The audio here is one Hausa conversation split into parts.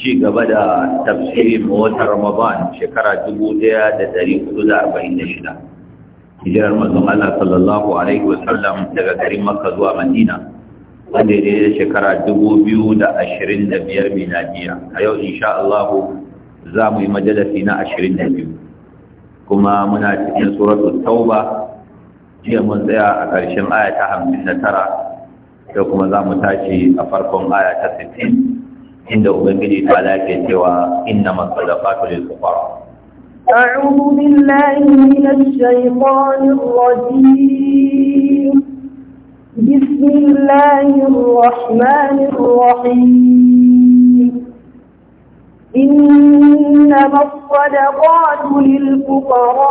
ci gaba da tafsirin watan Ramadan shekara 1446 hijirar mazan Allah sallallahu alaihi wasallam daga garin Makka zuwa Madina wanda ya da shekara 2025 miladiya a yau insha Allah za mu yi majalasi na 22 kuma muna cikin suratu tauba jiya mun tsaya a ƙarshen aya ta 59 da kuma za mu tashi a farkon aya ta 60 inda ubangiji ta lake إنما الصدقات للفقراء أعوذ بالله من الشيطان الرجيم بسم الله الرحمن الرحيم إنما الصدقات للفقراء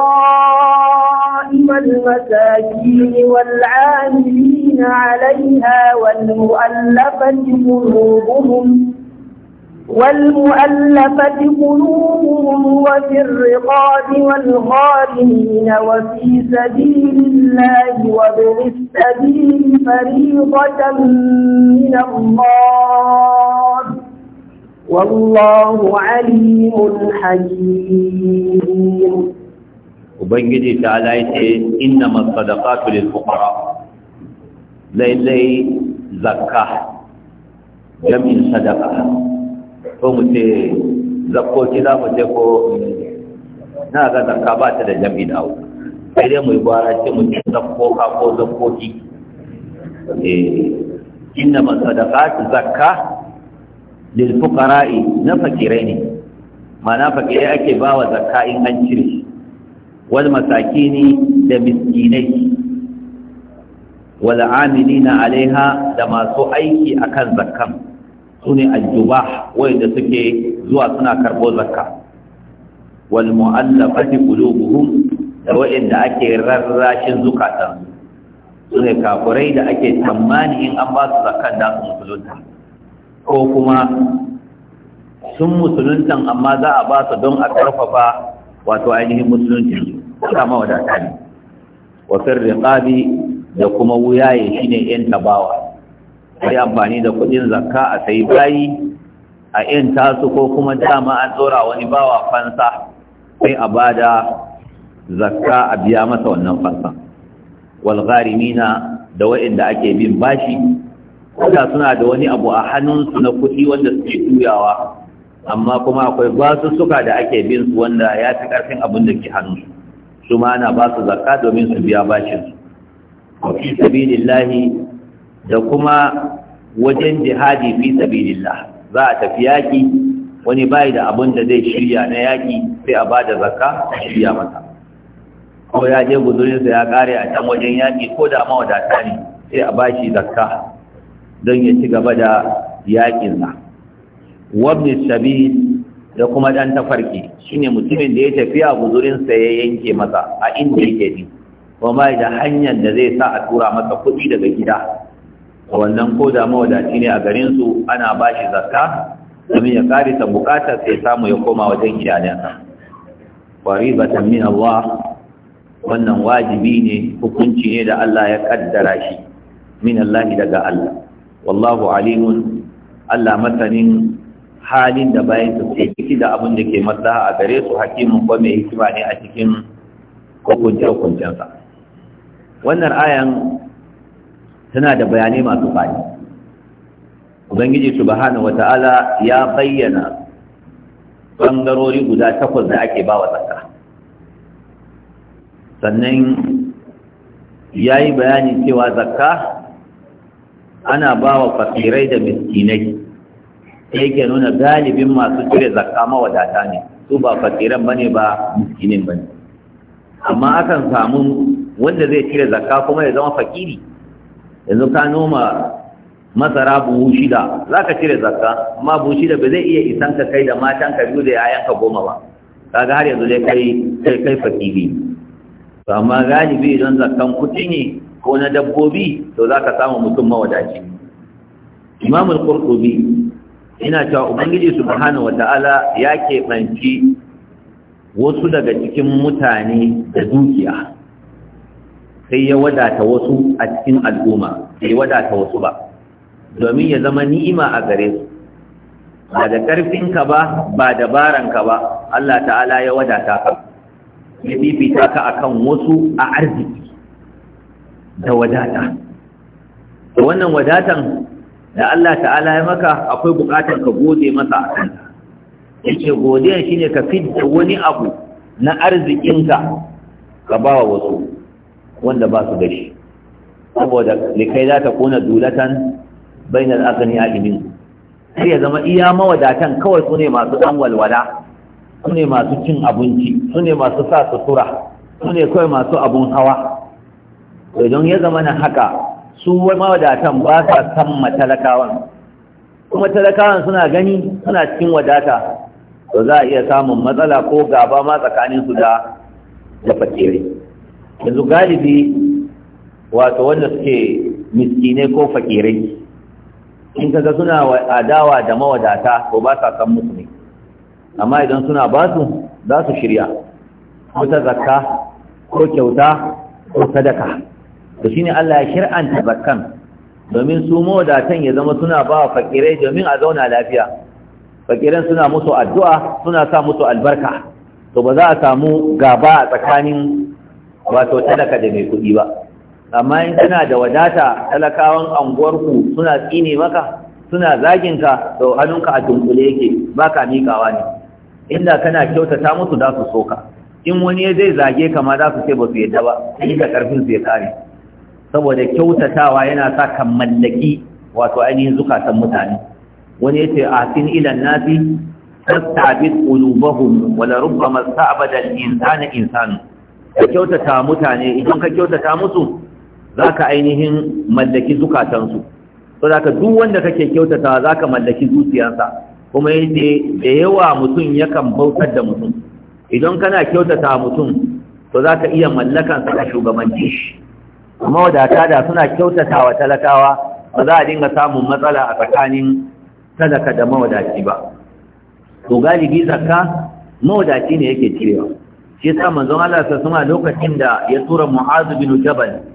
والمساكين والعاملين عليها والمؤلفة قلوبهم والمؤلفة قلوبهم وفي الرقاب والغارمين وفي سبيل الله وابن السبيل فريضة من الله والله عليم حكيم وبنجدي تعالى إنما الصدقات للفقراء ليلي زكاة جميل صدقة ko mu ce zakkoci za mu ce ko na ga zakka ba ta da jam'i da hau sai dai mu yi gwara ce mu ce zakkoka ko zakkoki eh, inna masadaqat zakka lil fuqara'i na fakirai ne na fakire ake bawa zakka in an cire wal masakini da miskinai wal amilina alaiha da masu aiki akan zakkan su ne aljuba da suke zuwa suna karbo zakka wal mu'allafati qulubuhum da wa'inda ake rarrashin zukatan su ne kafurai da ake tsammani in an ba su zakkan da su musulunta ko kuma sun musuluntan amma za a ba su don a karfafa wato ainihin musulunci da wadata ne wa firriqabi da kuma wuyaye shine yan tabawa a yi amfani da kudin zakka a sai bayi a yin tasu ko kuma dama an tsora wani bawa fansa sai a bada zakka a biya masa wannan fansa walgharimina da wa'inda ake bin bashi wanda suna da wani abu a hannunsu na kudi wanda suke tuyawa. amma kuma akwai basussuka da ake bin su wanda ya fi ƙarfin abin da ke hannunsu su ma ana ba su zakka domin su biya bashinsu wa fi sabilillahi da kuma wajen jihadi fi sabilillah za a tafi yaki wani bai da abin da zai shirya na yaki sai a bada zakka a shirya masa ko ya je guzurinsa ya kare a can wajen yaki ko da mawadata ne sai a bashi zakka don ya ci gaba da yakinsa wabni sabil da kuma dan tafarki shine mutumin da ya tafi a guzurinsa ya yanke masa a inda yake ni kuma da hanyar da zai sa a tura masa kuɗi daga gida wannan ko da mawadaci ne a garinsu ana ba shi zakka domin ya karisa bukatar sai samu ya koma wajen iyalansa faribatan min Allah wannan wajibi ne hukunci ne da Allah ya kaddara shi min Allah daga Allah wallahu alimun Allah masanin halin da bayan su ke ciki da abin da ke maslaha a gare su hakimin ko mai hikima ne a cikin hukunce-hukuncensa wannan ayan tana da bayanai masu faɗi ubangiji subhanahu wata'ala ya bayyana bangarori guda takwas da ake ba wa zakka sannan ya yi bayanin cewa zakka ana ba wa fasirai da miskinai yake nuna galibin masu cire zakka mawadata ne su ba fakiran bane ba miskinin bane amma akan samu wanda zai cire zakka kuma ya zama fakiri yanzu ka noma masara buhu shida za ka cire zakka amma buhu shida ba zai iya isan ka kai da matan ka biyu da yayan ka goma ba kaga har yanzu dai kai kai kai fakiri to amma galibi idan zakkan kuɗi ne ko na dabbobi to za ka samu mutum mawadaci imamul qurtubi ina cewa ubangiji subhanahu wata'ala ya keɓanci wasu daga cikin mutane da dukiya sai ya wadata wasu a cikin al'umma bai wadata wasu ba domin ya zama ni'ima a gare su ba da ƙarfinka ba ba dabaranka ba Allah ta'ala ya wadata ka ya bibita ka akan wasu a arziki da wadata da wannan wadatan da Allah ta'ala ya maka akwai bukatar ka gode masa a kanta yake godiya shine ka fidda wani abu na arzikinka ka ba wa wasu wanda ba su gashi saboda saboda likai za ta kona dulatan bainar aghni alimin sai ya zama iya mawadatan kawai su masu dan walwala su masu cin abinci su masu sa sutura su ne kawai masu abun hawa to don ya zama na haka su mawadatan ba sa san matalakawan kuma talakawan suna gani suna cikin wadata to za a iya samun matsala ko gaba ma tsakaninsu da da fakere yanzu galibi wato wanda suke miskinai ko fakirai in kaga suna adawa da mawadata ko ba sa san musu ne amma idan suna ba su za su shirya ko ta zakka ko kyauta ko sadaka to shine Allah ya shir'anta zakkan domin su mawadatan ya zama suna ba fakirai domin a zauna lafiya fakiran suna musu addu'a suna sa musu albarka to ba za a samu gaba a tsakanin wato talaka da mai kuɗi ba amma in suna da wadata talakawan anguwarku suna tsine maka suna zagin ka to hannunka a dunkule yake ka miƙawa ne inda kana kyautata musu za su soka in wani ya zai zage ka ma za su ce ba su yadda ba in ka ƙarfin su ya kare saboda kyautatawa yana sa ka mallaki wato ainihin zukatan mutane wani ya ce a asin ilan nasi wani qulubahum wala rubbama sta'bada al-insana insanu ka kyautata mutane idan ka kyautata musu za ka ainihin mallaki zukatansu to za ka duk wanda kake kyautata za ka mallaki zuciyarsa kuma yadda da yawa mutum yakan bautar da mutum idan kana kyautata mutum to za ka iya mallakansa ka shugabanci shi kuma wadata da suna kyautata wa talakawa ba za a dinga samun matsala a tsakanin talaka da mawadaci ba to galibi zakka mawadaci ne yake cirewa shi yasa manzon Allah ta sama lokacin da ya tura Mu'adh bin Jabal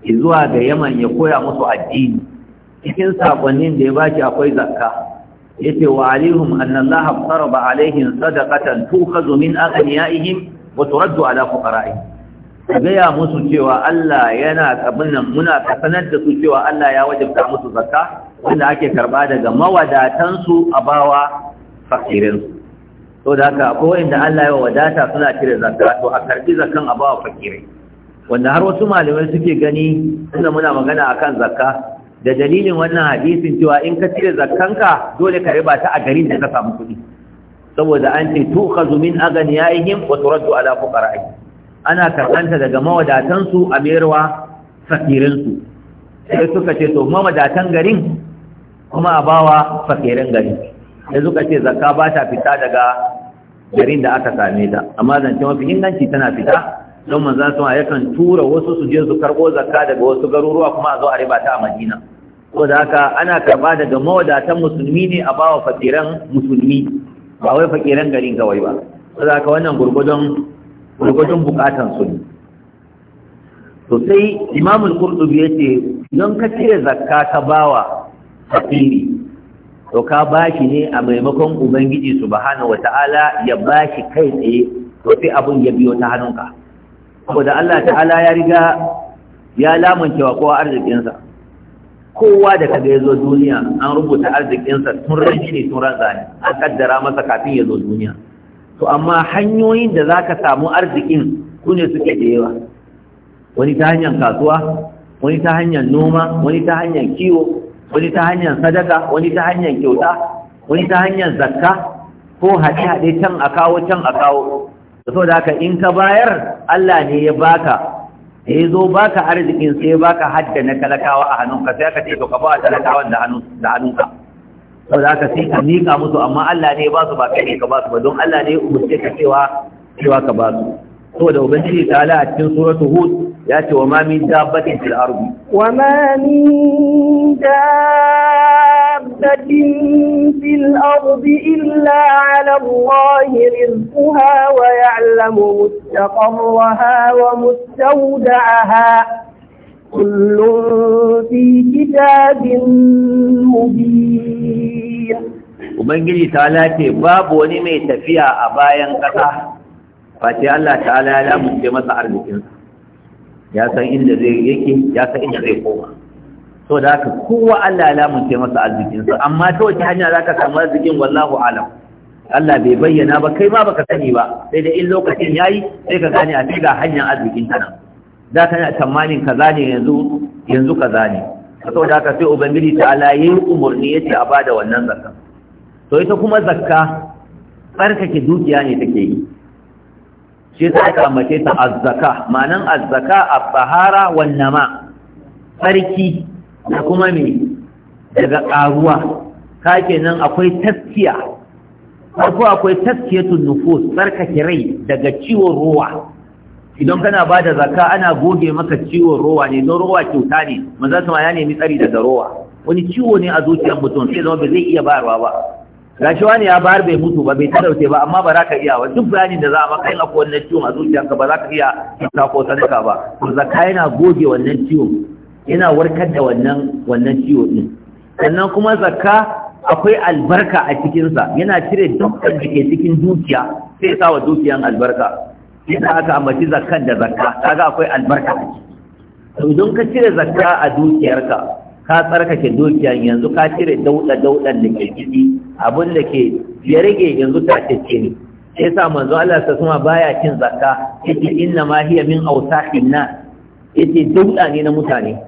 zuwa ga Yaman ya koya musu addini cikin sakonnin da ya baki akwai zakka yace wa alaihim anna Allah faraba alaihim sadaqatan tukhadhu min aghniyaihim wa turaddu ala fuqara'ihim gaya musu cewa Allah yana kabinan muna kasanar da su cewa Allah ya wajabta musu zakka wanda ake karba daga mawadatansu a bawa fakirinsu to da haka akwai inda Allah ya wadata suna cire zakka to a karbi zakkan a bawa fakirai wanda har wasu malamai suke gani suna muna magana akan zakka da dalilin wannan hadisin cewa in ka cire zakkanka dole ka riba ta a garin da ka samu kuɗi saboda an ce khazu min aghniyaihim wa turaddu ala fuqara'i ana karanta daga mawadatan su a mayarwa su, sai suka ce to mawadatan garin kuma a bawa fakirin garin sai suka ce zakka ba ta fita daga garin da aka same ta amma zance mafi inganci tana fita don manzo sun yakan tura wasu su je su karbo zakka daga wasu garuruwa kuma a zo a riba ta a Madina ko da haka ana karɓa daga mawadatan musulmi ne a bawa fakiran musulmi ba wai fakiran garin wai ba ko haka wannan gurgudun gurgudun bukatan su ne to sai Imam qurtubi yace idan ka cire zakka ka bawa fakiri to ka bashi ne a maimakon ubangiji subhanahu wata'ala ya bashi kai tsaye to sai abun ya biyo ta hannunka saboda Allah ta'ala ya riga ya lamunce wa kowa arzikinsa kowa da kaga ya zo duniya an rubuta arzikinsa tun ranci ne tun ranza ne an kaddara masa kafin ya zo duniya to amma hanyoyin da za ka samu arzikin ku ne suke da yawa wani ta hanyar kasuwa wani ta hanyar noma wani ta hanyar kiwo wani ta hanyar sadaka wani ta hanyar kyauta wani ta hanyar zakka ko haɗe-haɗe can a kawo can a kawo saboda haka in ka bayar Allah ne ya baka da ya zo baka arzikin sai baka hadda na talakawa a hannunka sai aka ce to ka ba talakawan da hannunka saboda haka sai ka miƙa musu amma Allah ne ya ba su ba kai ka ba su ba don Allah ne ya umurce ka cewa cewa ka ba su saboda ubangiji ta ala a cikin suratu hud ya ce wa mami dabbatin fil ardi wa mami dabbatin fil ardi illa ala Allah rizquha wa ya'lamu mustaqarraha wa mustawda'aha كل في كتاب مبين Ubangiji ta'ala ce babu wani mai tafiya a bayan ƙasa, Fati Allah ta'ala ya lamunce masa arzikinsa. ya san inda zai yake ya san inda zai koma so da haka kowa Allah ya lamunce masa arzikinsa amma ta wace hanya za ka samu arzikin wallahu alam Allah bai bayyana ba kai ma baka sani ba sai da in lokacin yayi sai ka gane a ga hanyar arzikin ta nan da kana tsammanin kaza ne yanzu yanzu kaza ne da haka sai ubangiji ta Allah yi umurni yace a bada wannan zakka to ita kuma zakka tsarkake dukiya ne take yi shi za aka ambace ta azzaka ma'anan azzaka a tsahara wan ma sarki da kuma me daga karuwa ka nan akwai taskiya farko akwai tun nufus tsarkake rai daga ciwon ruwa idan kana ba da zaka ana goge maka ciwon ruwa ne don ruwa kyauta ne ma su ma ya nemi tsari daga ruwa wani ciwo ne a zuciyar mutum sai zama ba zai iya bayarwa ba gashi wani ya bayar bai mutu ba bai talauce ba amma ba za ka iya ba duk bayanin da za a maka yin akwai wannan ciwon a zuciyanka ba za ka iya ta ko sadaka ba to zakka yana goge wannan ciwon, yana warkar da wannan wannan ciwo din sannan kuma zakka akwai albarka a cikinsa yana cire dukkan da ke cikin dukiya sai sa wa dukiyan albarka Yana aka ambaci zakkan da zakka kaga akwai albarka a ciki to idan ka cire zakka a dukiyarka ka tsarkake dukiyan yanzu ka cire dauda daudan da ke gidi abin da ke ya rage yanzu ta cece ne sai sa manzo Allah ta kuma baya cin zakka yace inna ma hiya min awsahin na yace dauda ne na mutane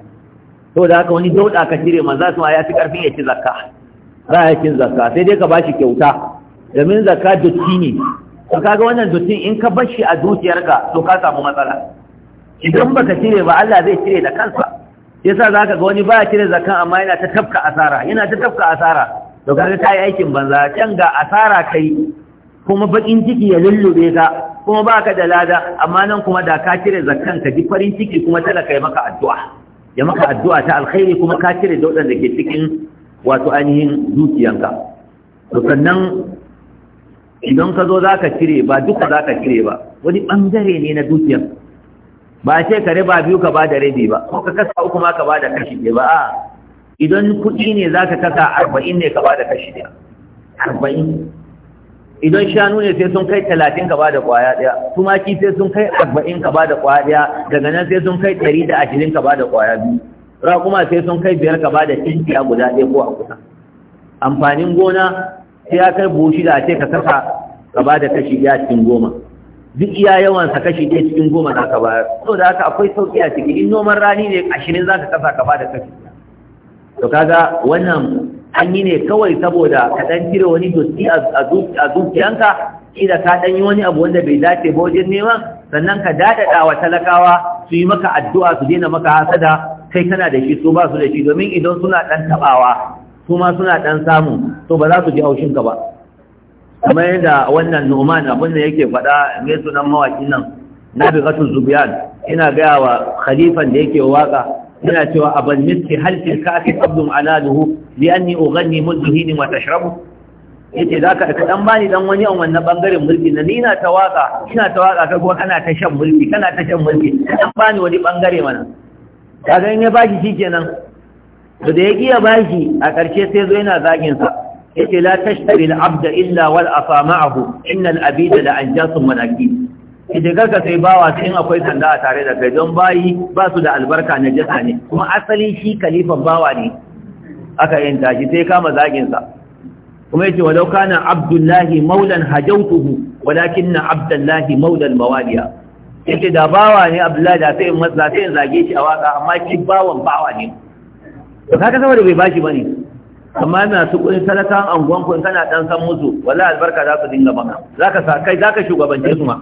to da haka wani dauda ka cire manzo su ya fi karfin ya ci zakka baya cin zakka sai dai ka bashi kyauta domin zakka dotti ne to kaga wannan dutti in ka bashi a dukiyarka to ka samu matsala idan baka cire ba Allah zai cire da kansa yasa za ka ga wani ba cire zakan amma yana ta tafka asara yana ta tafka asara to kaga ta yi aikin banza can ga asara kai kuma bakin ciki ya lullube ka kuma ba ka da lada amma nan kuma da ka cire zakan ka ji farin ciki kuma talaka ya maka addu'a ya maka addu'a ta alkhairi kuma ka cire da waɗanda ke cikin wato ainihin dukiyanka to sannan idan ka zo za ka cire ba duka za ka cire ba wani ɓangare ne na dukiyanka ba sai ka riba biyu ka bada rabi ba ko ka kasa uku ma ka bada kashi ɗaya ba a idan kuɗi ne za ka kasa arba'in ne ka bada kashi ɗaya arba'in idan shanu ne sai sun kai talatin ka bada kwaya ɗaya tumaki sai sun kai arba'in ka bada kwaya ɗaya daga nan sai sun kai ɗari da ashirin ka bada kwaya biyu raƙuma sai sun kai biyar ka bada tinkiya guda ɗaya ko a kusa amfanin gona sai ya kai buhu shida a ce ka kasa ka bada kashi ɗaya cikin goma duk iya yawan sa kashi ɗaya cikin goma za ka bayar so da haka akwai sauƙi a ciki in noman rani ne ashirin za ka kasa ka ba da kashi to kaga wannan an yi ne kawai saboda ka ɗan cire wani dotti a dukiyanka da ka ɗan yi wani abu wanda bai dace ba wajen neman sannan ka daɗaɗa wa talakawa su yi maka addu'a su daina maka hasada kai kana da shi su ba su da shi domin idan suna ɗan taɓawa su ma suna ɗan samu to ba za su ji haushinka ba kamar yadda wannan numan abin da yake faɗa mai sunan mawaƙin nan na bi ƙasar zubiyan ina gaya wa khalifan da yake waƙa ina cewa abin miski halkin kafi abdun alaluhu li an ni uganni mulkihini wa tashrabu yace za ka ɗan bani ɗan wani an wannan ɓangaren mulki na ni na ta waƙa ina ta waƙa ka kuma kana ta shan mulki kana ta shan mulki ɗan bani wani ɓangare mana kaga in ya bashi shi kenan to da ya ƙiya bashi a ƙarshe sai zo yana zagin sa yake la tashtabi al-abda illa wal afa ma'ahu innal abida la anjasun malaki idan kaga sai bawa sai akwai sanda a tare da kai don bayi ba su da albarka na jasa ne kuma asali shi kalifan bawa ne aka yin tashi sai kama zagin sa kuma yace walau kana abdullahi maulan hajautuhu walakinna abdullahi maulal mawaliya yace da bawa ne abdullahi da sai in matsa sai in zage shi a waka amma shi bawan bawa ne to kaga saboda bai bashi bane amma na su kuɗin talakan anguwan in kana ɗan san musu wallahi albarka za su dinga maka ka sa kai zaka shugabance su ma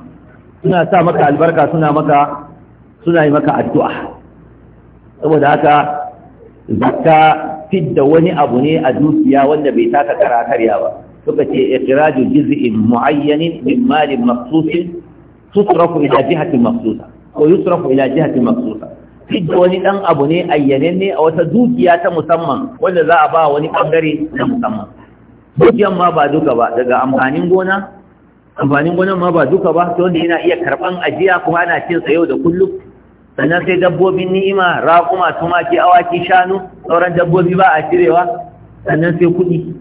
suna sa maka albarka suna maka suna yi maka addu'a saboda haka zakka fidda wani abu ne a dukiya wanda bai taka kara karya ba suka ce iqraju juz'in mu'ayyanin min malin maqsusin tutrafu ila jihatin maqsusa ko yusrafu ila jihatin fidda wani ɗan abu ne ne a wata dukiya ta musamman wanda za a ba wani ɓangare na musamman dukiyan ma ba duka ba daga amfanin gona amfanin gonan ma ba duka ba ta wanda yana iya karɓan ajiya kuma ana cin sa yau da kullum sannan sai dabbobin ni'ima raƙuma tumaki awaki shanu sauran dabbobi ba a cirewa sannan sai kuɗi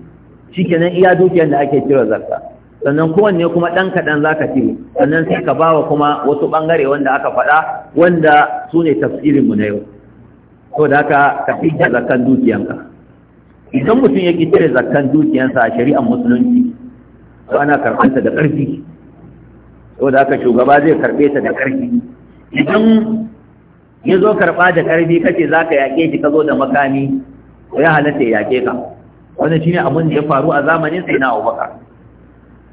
kenan iya dukiyan da ake cire zarta. sannan kowanne kuma ɗan kaɗan za ka cire sannan sai ka bawa kuma wasu ɓangare wanda aka faɗa wanda su ne tafsirinmu na yau to da haka ka fita zakan dukiyanka idan mutum ya ƙi cire zakan dukiyansa a shari'ar musulunci to ana karɓanta da ƙarfi to da haka shugaba zai karɓe ta da ƙarfi idan ya zo karɓa da ƙarfi kace za ka yaƙe shi ka zo da makami ya halatta ya yaƙe ka wannan shine abin da ya faru a zamanin sai na abubakar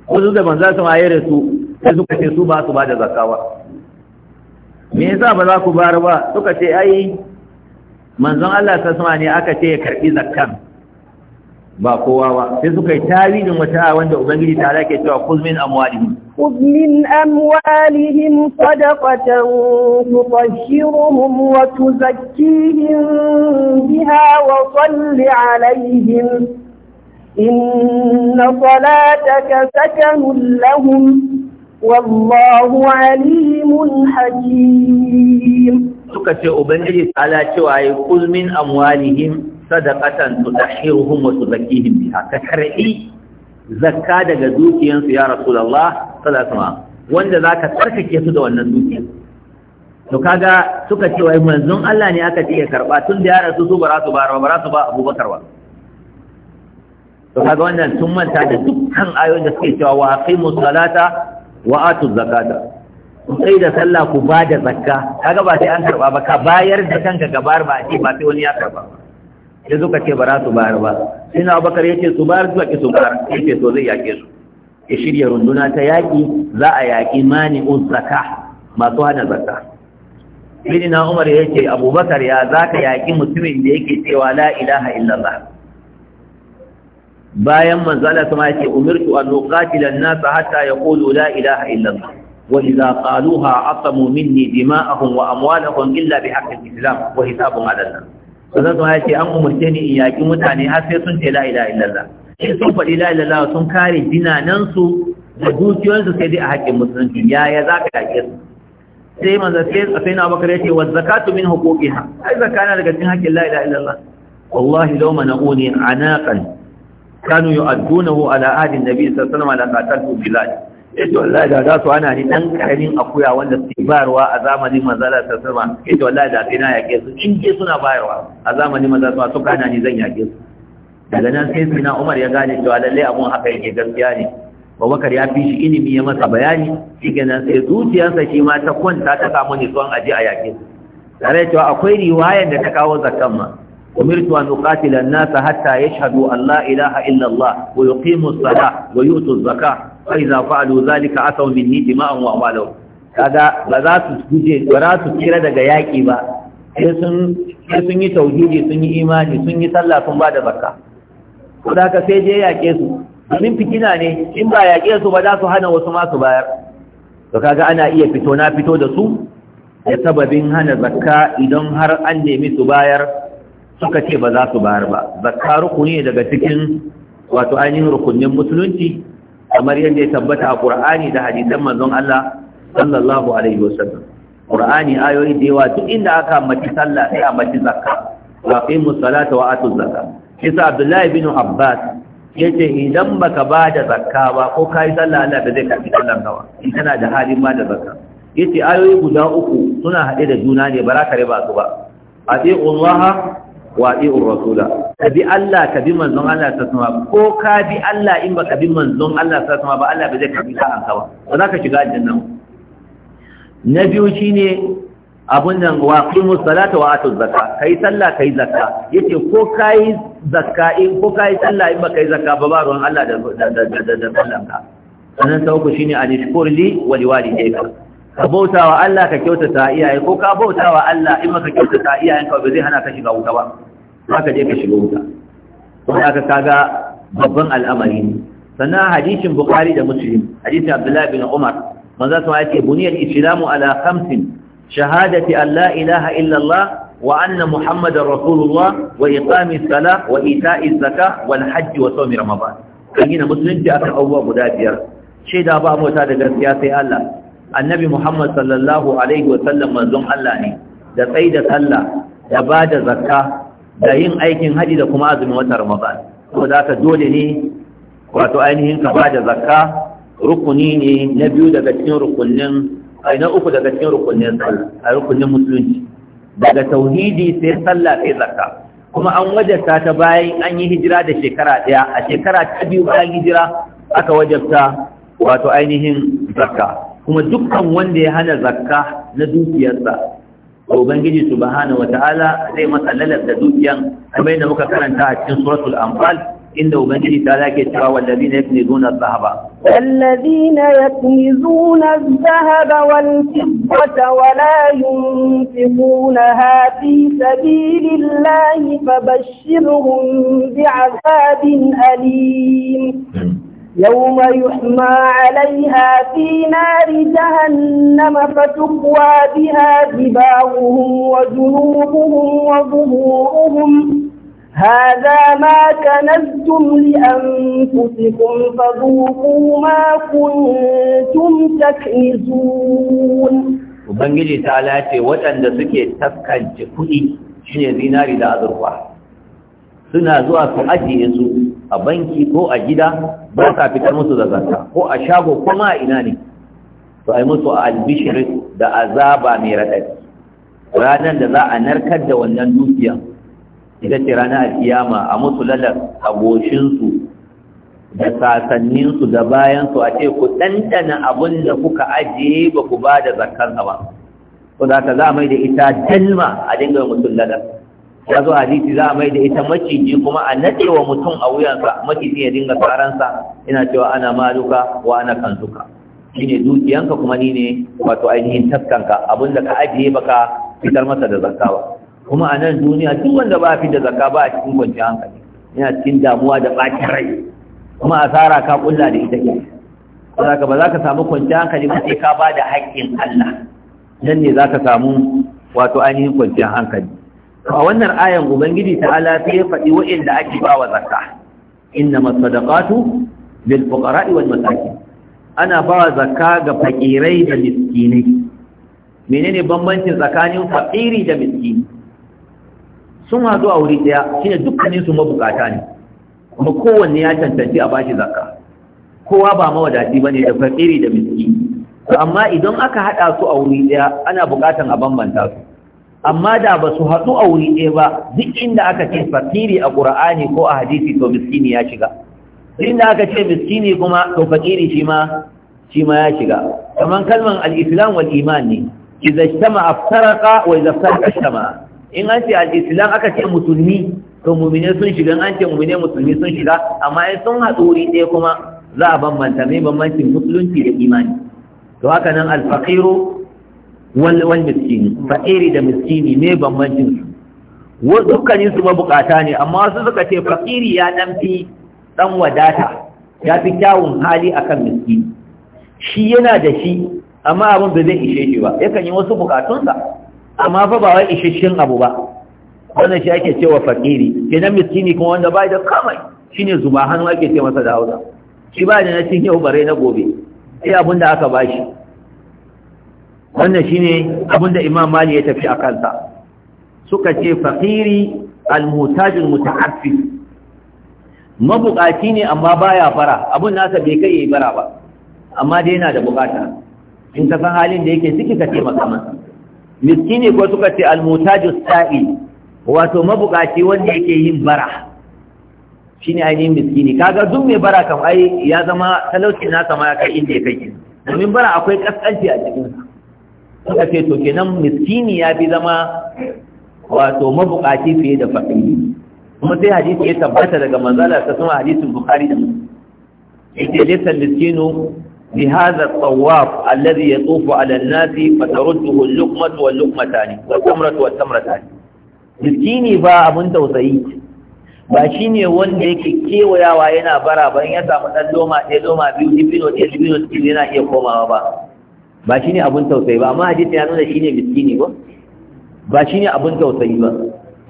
wasu da su maye da su, sai suka ce su ba su ba da zakawa me yasa ba za ku bayar ba suka ce ai manzon Allah ta sama ne aka ce ya karbi zakkan ba kowa ba sai suka yi tawilin wata wanda ubangiji ta alake cewa kuzmin amwalihim kuzmin amwalihim sadaqatan tutashiruhum wa tuzakkihim biha wa salli alaihim إن صلاتك سكن لهم والله عليم حكيم suka ce ubangiji ta'ala cewa ya kulmin amwalihim sadaqatan tudahhiruhum wa tuzakkihim biha ka karbi zakka daga dukiyansu ya rasulullah sallallahu alaihi wasallam wanda zaka tsarkake su da wannan dukiyan to kaga suka ce wai manzon Allah ne aka ce ya karba tun da ya rasu su ba za su ba ba su ba Abubakar ba to kaga wannan sun manta da dukkan ayoyin da suke cewa wa aqimu salata wa atu zakata sai da sallah ku ba da zakka kaga ba sai an karba ba ka bayar da kanka gabar ba ce ba sai wani ya karba Sai da suka ce ba za su bayar ba sina Abakar ya ce su bayar zuwa ki su bayar ya ce so zai yake su ya shirya runduna ta yaƙi za a yaƙi mani'un zaka masu hana zaka bidina umar ya ce abubakar ya zaka yaki mutumin da yake cewa la ilaha illallah bayan manzala kuma yake umirtu an nuqatila an-nas hatta yaqulu la ilaha illa Allah wa idza qaluha aqamu minni dima'ahum wa amwalahum illa bi haqqi al-islam wa hisabun 'ala Allah sannan kuma yake an umurce ni in yaki mutane har sai sun ce la ilaha illa Allah sai sun faɗi la ilaha illa Allah sun kare dinanan su da dukiyoyinsu sai dai a haƙƙin musulunci yaya za ka yake su sai manzo sai sai na bakar yace wa zakatu min huquqiha ai zakana daga cikin haƙƙin la ilaha illa Allah wallahi law mana'uni anaqan kanu yu'addunahu ala ahli nabi sallallahu alaihi wasallam la bilal yace wallahi da za su ana ni dan karamin akuya wanda suke bayarwa a zamanin manzala ta sama yace wallahi da sai na yake su in ke suna bayarwa a zamanin manzala su kana ni zan yake su daga nan sai sina Umar ya gane to lalle abun haka yake gaskiya ne Babakar ya fi shi ilimi ya masa bayani nan sai zuciyarsa shi ma ta kwanta ta samu nitsuwan aji a yake su tare cewa akwai riwayar da ta kawo zakan ma umirtu an uqatila an-nas hatta yashhadu an la ilaha illa Allah wa yuqimu as-salah wa yutu az-zakah fa idza fa'alu dhalika asaw minni dima'an wa amwalahum kaga ba za su guje ba za su kira daga yaƙi ba sai sun yi tauhidi sun yi imani sun yi sallah sun bada barka. ko da ka sai je yake su domin fitina ne in ba yake su ba za su hana wasu ma su bayar to kaga ana iya fito na fito da su da sababin hana zakka idan har an nemi su bayar suka ce ba za su bayar ba zakka rukuni ne daga cikin wato ainihin rukunin musulunci kamar yadda ya tabbata a Qur'ani da hadisan manzon Allah sallallahu alaihi wasallam Qur'ani ayoyi da yawa duk inda aka ambaci sallah sai a ambaci zakka wa qimu salata wa atu zakka kisa Abdullahi bin Abbas yace idan baka ba da zakka ba ko kai sallah Allah da zai karbi sallar ka ba in kana da halin ma da zakka yace ayoyi guda uku suna hade da juna ne ba za ka riba su ba A atiqu Allah wa ati'ur rasula ka bi Allah ka bi manzon Allah ta sama ko ka bi Allah in ba ka bi manzon Allah ta sama ba Allah ba zai karbi sa'an ka ba ba za ka shiga aljanna na biyu shine abun nan wa qimu salata wa atu zakka kai sallah kai zakka yace ko kai zakka in eh, ko kai sallah in ba yi zakka ba ba ruwan Allah da da da da sallan ka sanan ta uku shine an li wa liwalidayka ka bautawa Allah ka kyautata iyaye ko ka bautawa Allah in ba ka kyautata iyayenka ba zai hana ka shiga wuta ba Zaka je ka shiga wuta don aka kaga babban al'amari ne sannan hadisin bukhari da muslim hadisin abdullahi bin umar manzo sun yace buniyar islamu ala khamsin shahadati an la ilaha illa allah wa anna muhammadar rasulullah wa iqamis salah wa ita'iz zakah wal hajj wa sawm ramadan kan gina musulunci akan abubuwa guda biyar shaida ba mota da gaskiya sai Allah annabi Muhammad sallallahu alaihi wa sallam manzon Allah ne da da sallah da bada zakka da yin aikin haji da kuma azumin wata ramadan ko da ka dole ne wato ainihin ka bada zakka rukuni ne na biyu daga cikin rukunin ai na uku daga cikin rukunin sallah a rukunin musulunci daga tauhidi sai sallah sai zakka kuma an wajabta ta bayan an yi hijira da shekara ɗaya a shekara ta biyu bayan hijira aka wajabta wato ainihin zakka kuma dukkan wanda ya hana zakka na dukiyarsa ubangiji subhanahu wataala zai masa lalata dukiyan kamar yadda muka karanta a cikin suratul anfal inda ubangiji ta zake cewa wallazina yaknizuna adh-dhahaba wallazina yaknizuna adh-dhahaba wal fiddata wa la yunfiquna fi sabilillahi fabashshirhum bi'adhabin alim hmm. يوم يحمى عليها في نار جهنم فتقوى بها جباههم وجنوبهم وظهورهم هذا ما كنزتم لأنفسكم فذوقوا ما كنتم تكنزون Ubangiji ta lace waɗanda suke taskance kuɗi shine zinari da azurfa suna zuwa su ajiye su a banki ko a gida ba ka fitar musu da ko a shago kuma a ina ne to ai musu albishir da azaba mai raɗaɗi. ranar da za a narkar da wannan dukiya ita ce ranar alkiyama a musu lalar agoshinsu da sasanninsu da bayansu a ce ku ɗanɗana abin da kuka ajiye ba ku ba da zarkar ba ko za ka za mai da ita dalma a dinga mutum lalar ya zo hadisi za a mai da ita maciji kuma a naɗe wa mutum a wuyansa maciji ya dinga tsaransa ina cewa ana maluka wa ana kansuka shi ne dukiyanka kuma ni ne wato ainihin taskanka abin da ka ajiye baka fitar masa da zakka ba kuma a nan duniya duk wanda ba a fi da zakka ba a cikin kwanciyar hankali Ina cikin damuwa da bakin rai kuma asara ka kulla da ita ke saboda ba za ka samu kwanciyar hankali ba sai ka ba da haƙƙin Allah nan ne za ka samu wato ainihin kwanciyar hankali a wannan ayan ubangiji ta sai ya faɗi inda ake ba wa zakka inna masadaqatu lil fuqara'i wal masakin ana ba wa zakka ga fakirai da miskinai menene bambancin tsakanin fakiri da miskini sun hazo a wuri daya shine dukkanin su mabukata ne kuma kowanne ya cancanci a bashi zakka kowa ba mawadaci bane da fakiri da miskini amma idan aka hada su a wuri daya ana bukatan a bambanta su amma da ba su haɗu a wuri ɗaya ba duk inda aka ce fakiri a ƙura'ani ko a hadisi to miskini ya shiga duk inda aka ce miskini kuma to fakiri shi ma shi ma ya shiga kamar kalman al-islam wal iman ne ki ijtama aftaraqa wa idza aftaraqa in an ce al-islam aka ce musulmi to mu'mine sun shiga an ce mu'mine musulmi sun shiga amma in sun haɗu wuri ɗaya kuma za a bambanta mai bambancin musulunci da imani to haka nan al-faqiru wal wal miskini iri da miskini ne bambancin su wa dukkanin su mabukata ne amma su suka ce fakiri ya dan fi dan wadata ya fi kyawun hali akan miskini shi yana da shi amma abin da zai ishe shi ba yakan yi wasu bukatunsa amma fa ba wai isheshin abu ba wannan shi ake cewa fakiri kenan miskini kuma wanda bai da kamai shine zuba hannu ake ce masa da hausa shi ba da na cin yau bare na gobe sai abin da aka bashi wannan shine abinda imam mali ya tafi a kansa suka ce fakiri almutajin muta'affi mabukaci ne amma baya fara abun nasa bai kai yi bara ba amma dai yana da bukata in ka san halin da yake ciki ka maka man miskini ko suka ce almutajin sa'i wato mabukaci wanda yake yin bara shine ainihin miskini kaga duk mai bara kam ai ya zama talauci nasa ma ya kai inda ya kai domin bara akwai kaskanci a cikinsa suka ce to kenan miskini ya fi zama wato mabukaci fiye da fakiri kuma sai hadisi ya tabbata daga manzala ta suna hadisin bukhari da muslim yace laysa miskinu بهذا الطواف الذي يطوف على الناس فترده اللقمة واللقمتان والتمرة والتمرتان miskini ba abin tausayi ba shi ne wanda yake kewayawa yana bara ban ya samu ɗan loma ɗaya loma biyu dibino ɗaya dibino ɗaya yana iya komawa ba ba shi ne abin tausayi ba amma hadisi ya nuna shi ne miskini ba ba shi ne abin tausayi ba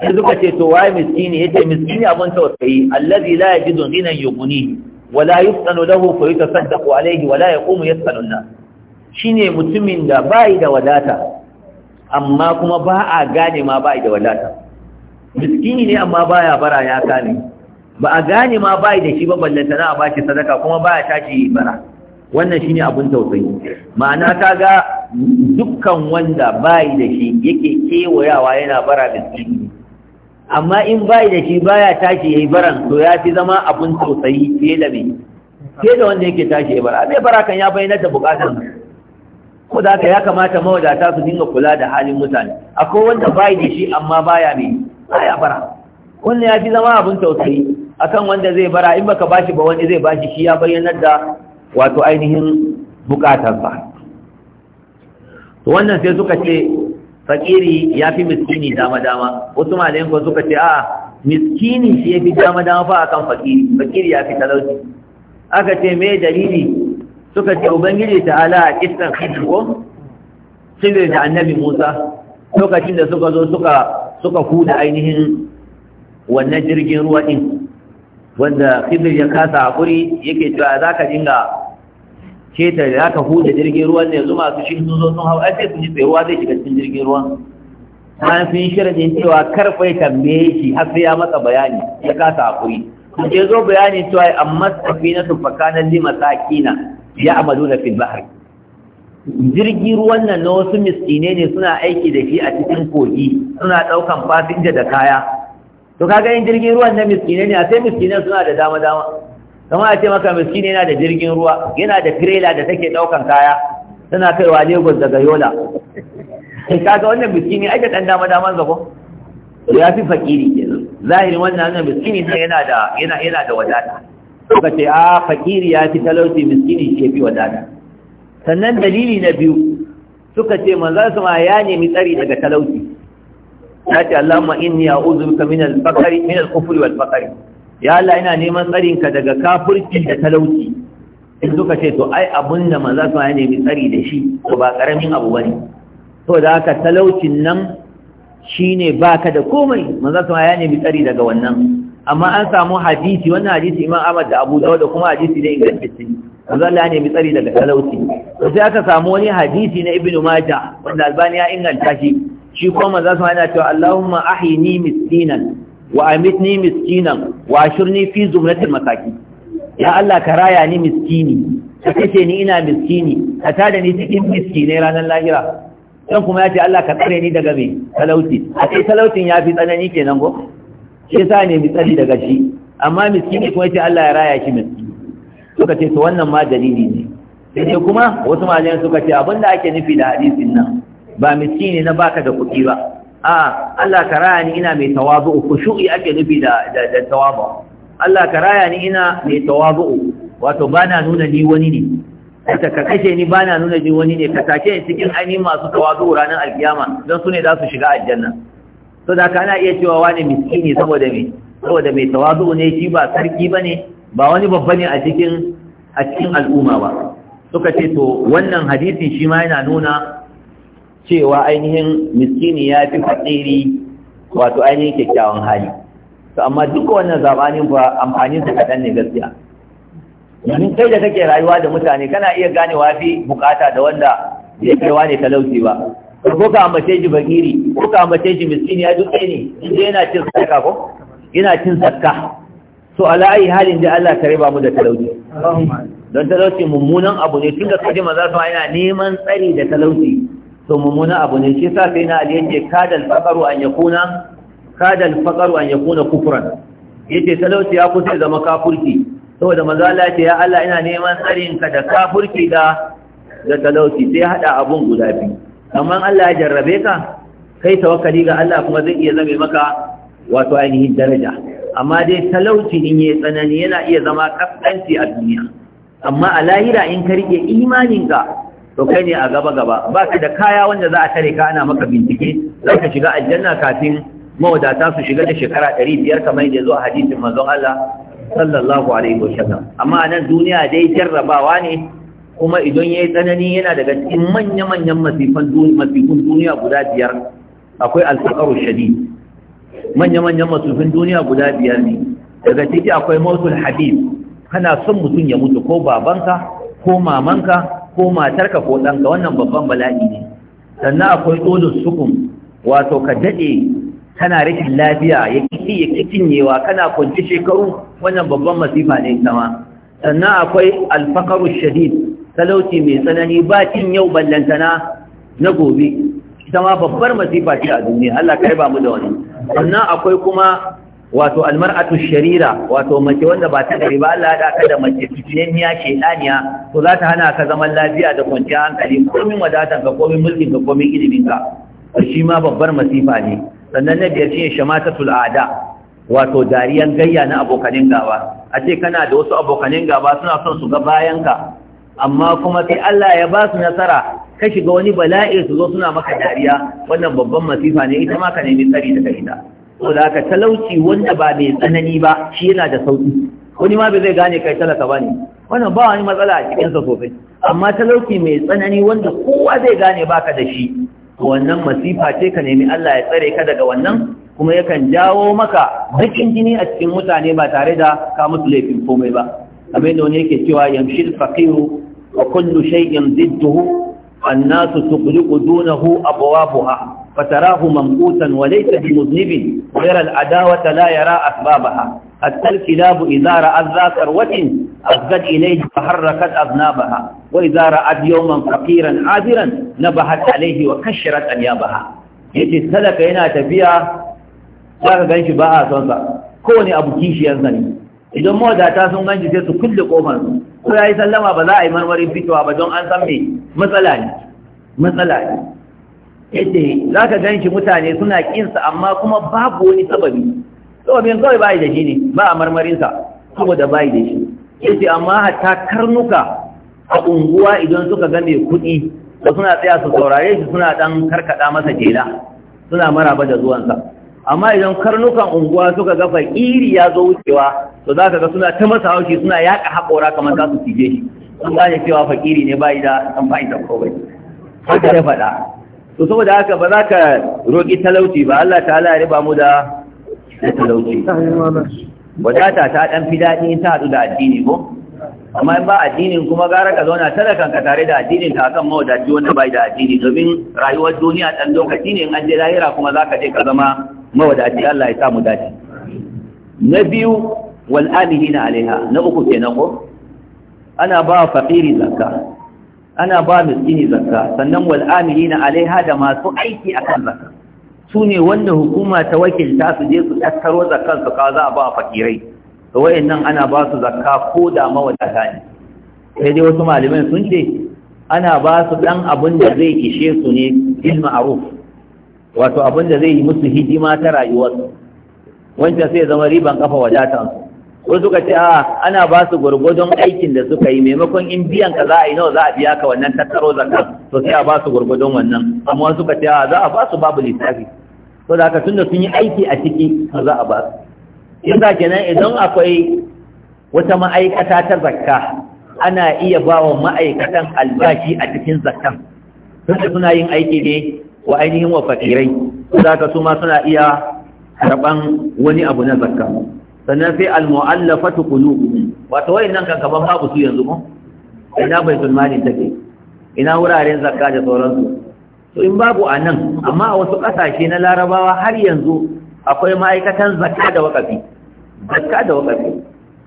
sai suka ce to waye miskini yace miskini abin tausayi allazi la yajidu ghinan yughni wala yuftanu lahu fa yatasaddaqu alayhi wala yaqumu yasalu an shine mutumin da bai da wadata amma kuma ba a gane ma bai da wadata miskini ne amma baya bara ya kane ba a gane ma bai da shi ba ballantana a baki sadaka kuma baya tashi bara wannan shine abin tausayi ma'ana ta ga dukkan wanda bayi da shi yake kewayawa yana bara da su, amma in bayi da shi baya tashi ya yi baran to ya fi zama abin tausayi fiye da me fiye da wanda yake tashi yayi bara mai bara kan ya bayyana da bukatar ko da haka ya kamata mawadata su dinga kula da halin mutane akwai wanda bayi da shi amma baya me baya bara wannan ya fi zama abin tausayi akan wanda zai bara in baka bashi ba wani zai bashi shi ya bayyana da wato ainihin bukatarsa wannan sai suka ce fakiri ya fi miskini dama-dama wasu malayin ko suka ce a miskini shi ya fi dama-dama fa akan fakiri fakiri ya fi talauci aka ce me dalili suka ce ubangiji ta ala a kistan khidir ko sirri da annabi musa lokacin da suka zo suka suka huda ainihin wannan jirgin ruwa din wanda kibir ya kasa hakuri yake cewa za ka dinga keta da ka huda jirgin ruwan ne zuma su shi sun zo sun hau ai sai sun ji tsayuwa zai shiga cikin jirgin ruwan bayan sun yi shirin cewa karfa tambaye shi har sai ya masa bayani ya kasa hakuri sun je zo bayani cewa amma tafi su fakanan lima sakina ya amalu na fil bahar jirgin ruwan nan na wasu miskine ne suna aiki da shi a cikin kogi suna ɗaukan fasinja da kaya to kaga in jirgin ruwan na miskine ne a sai miskinan suna da dama dama Kama a ce maka miskine yana da jirgin ruwa yana da trailer da take daukan kaya tana kaiwa Lagos daga Yola sai kaga wannan miskini ake dan dama daman To ya fi fakiri kenan zahirin wannan wannan miskine sai yana da yana yana da wadata suka ce a ah, fakiri ya fi talauci miskine ke fi wadata sannan dalili na biyu suka ce manzo su ma ya nemi tsari daga talauci ta Allahumma inni a'udhu bika min al-faqri min al-kufri wal faqri ya Allah ina neman tsarin ka daga kafirci da talauci in duka ce to ai abun da manzo sa ya nemi tsari da shi to ba karamin abu bane to da haka talaucin nan shine baka da komai manzo sa ya nemi tsari daga wannan amma an samu hadisi wannan hadisi Imam Ahmad da Abu Dawud da kuma hadisi da ingantacce manzo Allah ya nemi tsari daga talauci to sai aka samu wani hadisi na Ibn Majah wanda Albani ya inganta shi shi kuma za su yana cewa Allahumma ni miskinan wa ni miskinan wa ashirni fi zumratil masakin ya Allah ka raya ni miskini ka kace ni ina miskini ka tada ni cikin miskinai ranar lahira dan kuma ya ce Allah ka tsare ni daga me talauci a sai talautin ya fi tsanani kenan ko shi yasa ne tsari daga shi amma miskini kuma ya ce Allah ya raya shi miskini ka ce to wannan ma dalili ne sai kuma wasu malaman suka ce abinda ake nufi da hadisin nan ba miskini na baka da kuɗi ba a Allah ka raya ni ina mai tawazu khushu'i ake nufi da da tawazu Allah ka raya ni ina mai tawazu wato bana nuna ni wani ne ka kashe ni bana nuna ni wani ne ka take ni cikin ainihin masu tawazu ranar alkiyama don su ne za su shiga aljanna to da ka ana iya cewa wani miskini saboda me saboda mai tawazu ne shi ba sarki bane ba wani babba ne a cikin a cikin al'umma ba suka ce to wannan hadisin shi ma yana nuna cewa ainihin miskini ya fi fakiri wato ainihin kyakkyawan hali to amma duka wannan zabanin ba amfanin su kaɗan ne gaskiya domin kai da kake rayuwa da mutane kana iya gane wafi bukata da wanda ya kaiwa ne talauci ba ko ka ambace shi bakiri ko ka ambace shi miskini ya duk ne inda yana cin sadaka ko yana cin sadaka to ala ayi halin da Allah ka riba mu da talauci don talauci mummunan abu ne tunda kaje maza yana neman tsari da talauci to mummuna abu ne shi sa sai na ali ce kadal faqaru an yakuna kadal faqaru an yace talauci ya kusa zama kafurki. saboda maza Allah ya Allah ina neman tsarin ka da kafurki da da talauci sai hada abun guda biyu amma Allah ya jarrabe ka kai tawakkali ga Allah kuma zai iya zame maka wato ainihin daraja amma dai talauci in yayi tsanani yana iya zama kaskanci a duniya amma a lahira in ka rike imaninka to kai ne a gaba gaba ba su da kaya wanda za a tare ka ana maka bincike za ka shiga aljanna kafin mawadata su shiga da shekara ɗari biyar kamar yadda zuwa hadisin manzon Allah sallallahu alaihi wasallam amma nan duniya dai jarrabawa ne kuma idan yayi tsanani yana daga cikin manya-manyan masifan masifun duniya guda biyar akwai alfaqaru shadid manya-manyan masifun duniya guda biyar ne daga ciki akwai mautul habib kana son mutum ya mutu ko babanka ko mamanka ko matarka ko ɗanka wannan babban bala'i ne sannan akwai tsodon sukun wato ka daɗe kana rikin lafiya ya kiti ya kicinyewa kana kwanci shekaru wannan babban masifa ne sama sannan akwai alfakaru shadid talauci mai tsanani ba cin yau ballantana na gobe ita ma babbar masifa ce a duniya Allah ka ba mu da wani sannan akwai kuma wato almar'atu sharira wato mace wanda ba ta gari ba Allah ya daka da mace ke daniya to za ta hana ka zaman lafiya da kwanciyar hankali komin wadatar ka komin mulkin ka komin ilimin ka shi ma babbar masifa ne sannan na biyar shine shamatatul ada wato dariyan gayya na abokanin gaba a ce kana da wasu abokanin gaba suna son su ga bayan ka amma kuma sai Allah ya ba su nasara ka shiga wani bala'i su zo suna maka dariya wannan babban masifa ne ita ma ka nemi tsari daga ita Ka da talauci wanda ba mai tsanani ba shi yana da sauƙi. wani ma bai zai gane kai talaka ba ne wannan ba wani matsala a cikinsa sosai amma talauci mai tsanani wanda kowa zai gane baka da shi wannan masifa ce ka nemi Allah ya tsare ka daga wannan kuma yakan jawo maka bakin jini a cikin mutane ba tare da ka musu laifin komai ba abin da wani yake cewa yamshil faqiru wa kullu shay'in zidduhu annasu tuqliqu dunahu abwabuha فتراه ممقوتا وليس بمذنب غير العداوة لا يرى أسبابها حتى الكلاب إذا رأت ذا ثروة أفزت إليه فحركت أذنابها وإذا رأت يوما فقيرا عاذرا نبهت عليه وكشرت أنيابها يجي السلك هنا تبيع ساقا غنش باء صنصا كوني أبو كيشي يزني إذا mawadata sun تاسم sai su كل kofar su ko ya yi sallama ba za a yi مثلا مثلا Yadda za ka gan shi mutane suna ƙinsa amma kuma babu wani sababi sababin kawai bayi da shi ne ba a marmarinsa saboda bayi da shi yace amma hata karnuka a unguwa idan suka ga mai kuɗi da suna tsaya su saurare shi suna ɗan karkaɗa masa jela suna maraba da zuwansa amma idan karnukan unguwa suka ga fakiri ya zo wucewa to za ka ga suna ta masa haushi suna yaƙa haƙora kamar za su cije shi sun gane cewa fakiri ne bayi da ɗan bayi da kowai haka faɗa to saboda haka ba za ka roƙi talauci ba Allah ta ya riba mu da talauci wadata ta ɗan fi daɗi in ta haɗu da addini ko amma ba addinin kuma gara ka zauna talakan ka tare da addinin ka akan mawadaci wanda bai da addini domin rayuwar duniya dan lokaci ne in an je lahira kuma za ka je ka zama mawadaci Allah ya sa mu dace na biyu wal na alaiha na uku kenan ko ana ba fakiri zakka ana ba miskini zakka sannan wal amilina alaiha da masu aiki akan zakka su ne wanda hukuma ta wakilta su je su tattaro zakkan su kawo za a ba fakirai to wayannan ana ba su zakka ko da mawadata ne sai dai wasu malamin sun ce ana ba su dan abin da zai ishe su ne bil ma'ruf wato abin da zai yi musu hidima ta rayuwarsu wanda sai zama riban kafa wadatan su wasu suka ce a ana ba su gwargwadon aikin da suka yi maimakon in biyan ka za a yi nawa za a biya ka wannan tattaro zakar to sai a ba su gwargwadon wannan amma wasu suka ce a za a ba su babu lissafi to da haka tunda sun yi aiki a ciki za a ba su in za kenan idan akwai wata ma'aikata ta zakka ana iya ba wa ma'aikatan albashi a cikin zakkan tunda suna yin aiki ne wa ainihin wa fakirai za ka su ma suna iya karɓan wani abu na zakka sannan sai al-mu'allafatu qulubuhum wato nan kan kaman babu su yanzu ko ina baitul mali take ina wuraren zakka da su. to in babu anan amma a wasu kasashe na larabawa har yanzu akwai ma'aikatan zakka da wakafi zakka da wakafi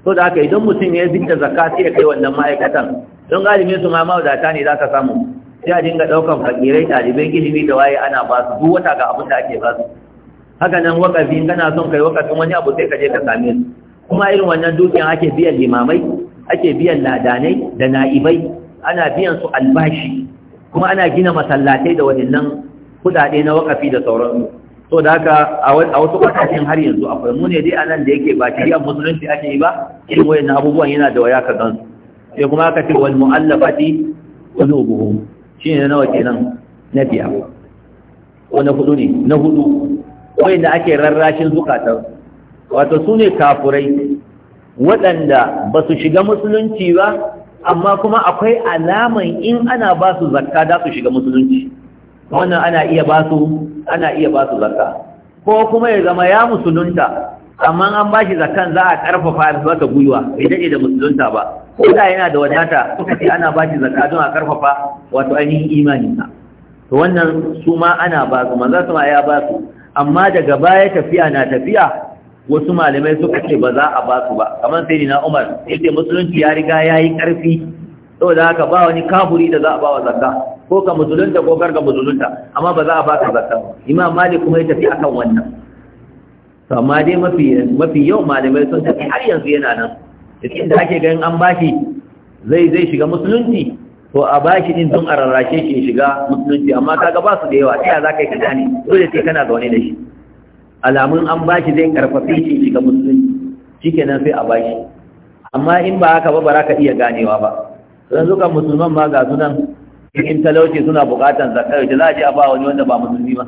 to da haka idan mutum ya zinta zakka sai ya kai wannan ma'aikatan don galibin su ma mawadata ne zaka samu sai a dinga daukan fakirai ɗaliban ilimi da waye ana ba su duk wata ga abin da ake ba su haka nan wakafi kana son kai wakafin wani abu sai ka je ka same su kuma irin wannan dukiyan ake biyan limamai ake biyan ladanai da na'ibai ana biyan su albashi kuma ana gina masallatai da waɗannan kuɗaɗe na wakafi da sauransu so da haka a wasu ƙasashen har yanzu akwai mu dai a nan da yake ba a musulunci ake yi ba irin wayannan abubuwan yana da waya ka gansu sai kuma aka ce wal mu'allafati qulubuhum shine nawa kenan na biya wani hudu ne na hudu wanda ake rarrashin zukatar wato su ne kafurai waɗanda ba su shiga musulunci ba amma kuma akwai alaman in ana ba su zakka za su shiga musulunci wannan ana iya ba su ana iya ba su zakka ko kuma ya zama ya musulunta amma an ba shi zakkan za a karfafa masa gwiwa bai daɗe da musulunta ba ko da yana da wadata suka ce ana ba shi zakka don a karfafa wato ainihin imaninsa to wannan su ma ana ba su manzo ya ba su amma daga baya tafiya na tafiya wasu malamai suka ce ba za a ba su ba kamar sai na umar yadda musulunci ya riga ya yi ƙarfi saboda haka ba wani kafuri da za a ba wa zakka ko ka musulunta ko karka musulunta amma ba za a ba ka zakka imam malik kuma ya tafi akan wannan to amma dai mafi mafi yau malamai sun tafi har yanzu yana nan cikin da ake ganin an bashi zai zai shiga musulunci to a baki din don a rarrashe shi shiga musulunci amma kaga ba su da yawa ta za ka yi ka gane dole sai kana zaune da shi alamun an bashi zai karfafi shi shiga musulunci shikenan sai a bashi amma in ba haka ba ba ka iya ganewa ba yanzu zuka musulman ma ga sunan in talauci suna bukatan zakai da za a je a ba wani wanda ba musulmi ba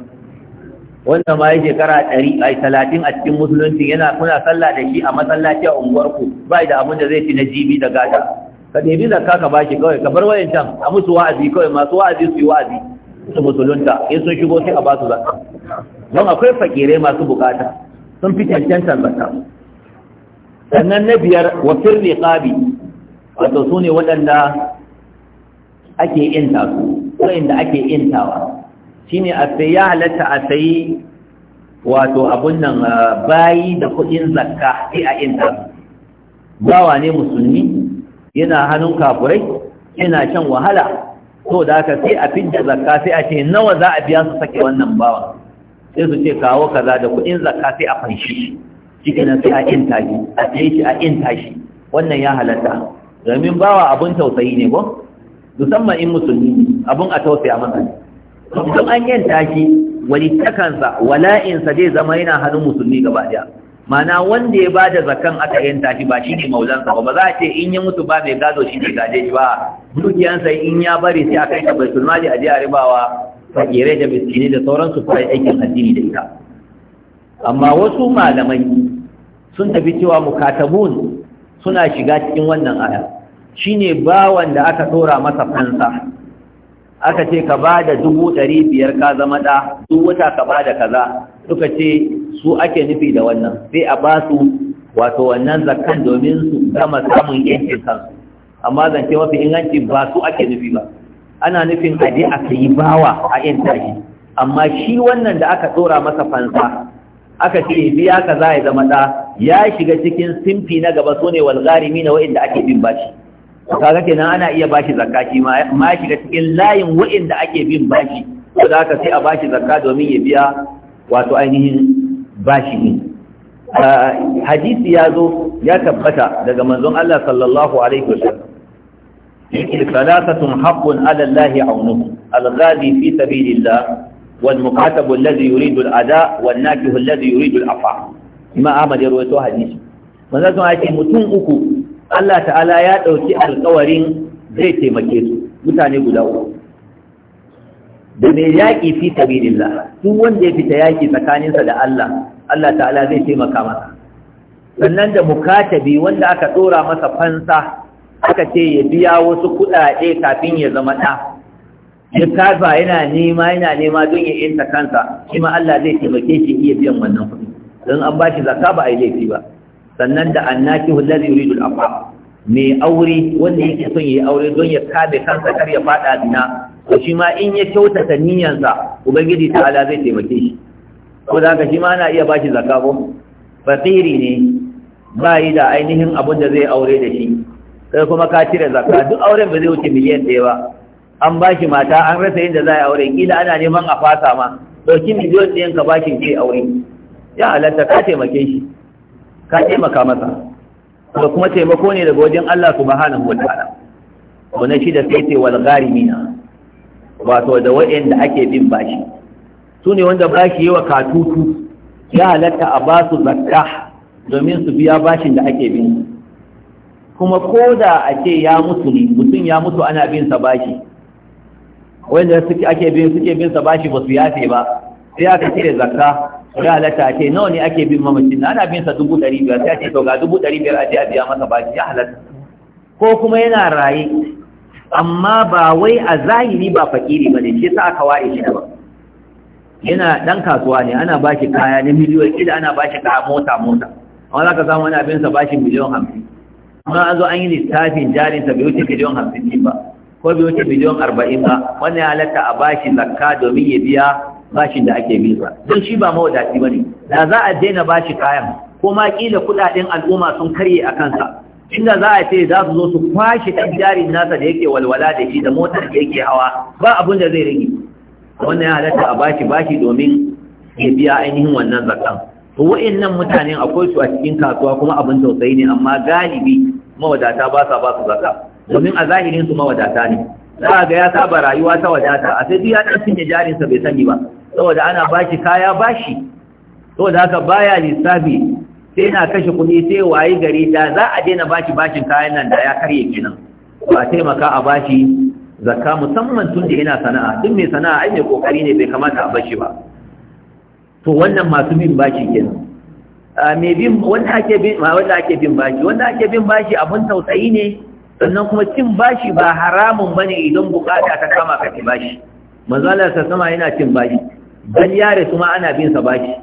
wanda ma ya shekara ɗari a talatin a cikin musulunci yana kuna sallah da shi a masallaci a unguwarku ba da abin da zai ci na jibi da gata ka ɗebi zakka ka bashi kawai ka bar wayan can a musu wa'azi kawai masu wa'azi su yi wa'azi su musulunta in sun shigo sai a ba su zakka don akwai fakirai masu bukata sun fi cancantar zakka sannan na biyar wa firri qabi wato su ne waɗanda ake inta su waɗanda ake intawa shine a sai ya halatta a sai wato abun nan ah, bayi da kuɗin zakka sai a inta bawa ne musulmi yana hannun kafurai yana shan wahala to da aka sai a fidda zakka sai a ce nawa za a biya su sake wannan bawa sai su ce kawo kaza da kuɗin zakka sai a fanshi cikin sai a inta shi a tsaye shi a inta shi wannan ya halatta domin bawa abun tausayi ne ko musamman in musulmi abun a tausaya masa ne don an yanta shi walittakansa wala'insa zai zama yana hannun musulmi gaba daya mana wanda ya bada zakan aka yin tashi ba shine maulansa ba ba za a ce in ya mutu ba mai gado shi ne gaje shi ba dukiyansa in ya bari sai aka yi baitul mali a jiya ribawa fakirai da miskini da sauran su fara aikin addini da ita amma wasu malamai sun tafi cewa mukatabun suna shiga cikin wannan aya shine bawan da aka tsora masa fansa aka ce ka ba da dubu ɗari biyar ka zama ɗa duk wata ka ba da kaza suka ce su ake nufi da wannan sai a ba su wato wannan zakan domin su gama samun yankin kansu amma zance mafi inganci ba su ake nufi ba ana nufin a je aka yi bawa a yan tashi amma shi wannan da aka tsora masa fansa aka ce biya kaza ya zama ɗa ya shiga cikin simfi na gaba sune walgarimi na wa'inda ake bin bashi kaga kenan ana iya bashi zakka shi ma ya shiga cikin layin wa'inda ake bin bashi to da ka sai a bashi zakka domin ya biya wato ainihin bashi ne hadisi ya zo ya tabbata daga manzon Allah sallallahu alaihi wasallam yake salatatun haqqun ala Allah aunuhu al-ghazi fi sabilillah wal muqatab alladhi yuridu al-ada wan nakih alladhi yuridu al-afa imam Ahmad ya rawaito hadisi manzon Allah ya ce mutum uku Allah ta'ala ya ɗauki alkawarin zai taimake su mutane guda uku da mai yaƙi fi sabilillah duk wanda ya fita yaƙi tsakaninsa da Allah Allah ta'ala zai taimaka masa sannan da mukatabi wanda aka ɗora masa fansa aka ce ya biya wasu kuɗaɗe kafin ya zama ɗa ya kafa yana nema yana nema don ya inta kansa shi ma Allah zai taimake shi iya biyan wannan kuɗi don an ba shi zakka ba a yi laifi ba sannan da annaki hullazi yuridu al-afa mai aure wanda yake son yi aure don ya kame kansa kar ya fada dina to shi ma in ya kyautata niyyarsa ubangiji ala zai taimake shi ko da haka shi ma ana iya bashi zakka ko fakiri ne ba yi da ainihin abin da zai aure da shi sai kuma ka cire zakka duk auren ba zai wuce miliyan ɗaya ba an bashi mata an rasa yin da za a aure kila ana neman a fasa ma ɗauki miliyan ɗayan ka bashi shi aure ya halatta ka taimake shi ka taimaka masa da kuma taimako ne daga wajen Allah subhanahu wa ta'ala na shi da sai ce wal gharimina wato da da ake bin bashi su ne wanda bashi yawa katutu ya halatta a ba su zakka domin su biya bashin da ake bin kuma ko da a ce ya mutu ne mutum ya mutu ana bin sa bashi wanda suke ake bin suke bin sa bashi ba su yafe ba sai aka cire zakka ya halatta ce nawa ne ake bin mamacin na ana bin sa dubu ɗari biyar sai ce to ga dubu ɗari biyar a a biya masa bashi ya halatta ko kuma yana raye amma ba wai a zahiri ba fakiri ba ne shi sa aka ware shi ba yana ɗan kasuwa ne ana ba shi kaya na miliyoyi kila ana ba shi kaya mota mota amma za ka samu wani abin sa ba shi miliyon hamsin amma an zo an yi lissafin jarinsa bai wuce miliyon hamsin ba ko bai wuce miliyon arba'in ba wannan ya halatta a ba shi zakka domin ya biya bashin da ake bisa don shi ba mawadaci ba ne da za a daina bashi kayan ko ma kila kudaden al'umma sun karye a kansa inda za a ce za su zo su kwashe ɗan jarin nasa da yake walwala da shi da motar da yake hawa ba abin da zai rage wannan ya halatta a bashi bashi domin ya biya ainihin wannan zakan to wa'annan mutanen akwai su a cikin kasuwa kuma abin tausayi ne amma galibi mawadata ba sa ba su zaka domin a zahirin su mawadata ne za ga ya saba rayuwa ta wadata a sai duk ya ɗan cinye jarinsa bai sani ba saboda ana bashi kaya bashi saboda haka baya lissafi sai na kashe kudi sai wayi gari da za a daina bashi bashin kayan nan da ya karye kenan ba taimaka a bashi zakka musamman tun da yana sana'a tun mai sana'a ai mai kokari ne bai kamata a bashi ba to wannan masu bin bashi kenan me bin wanda ake bin wanda ake bin bashi wanda ake bin bashi abun tausayi ne sannan kuma cin bashi ba haramun bane idan bukata ta kama ka ci bashi manzo Allah ta sama yana cin bashi dan ya rasu ma ana bin sa baki.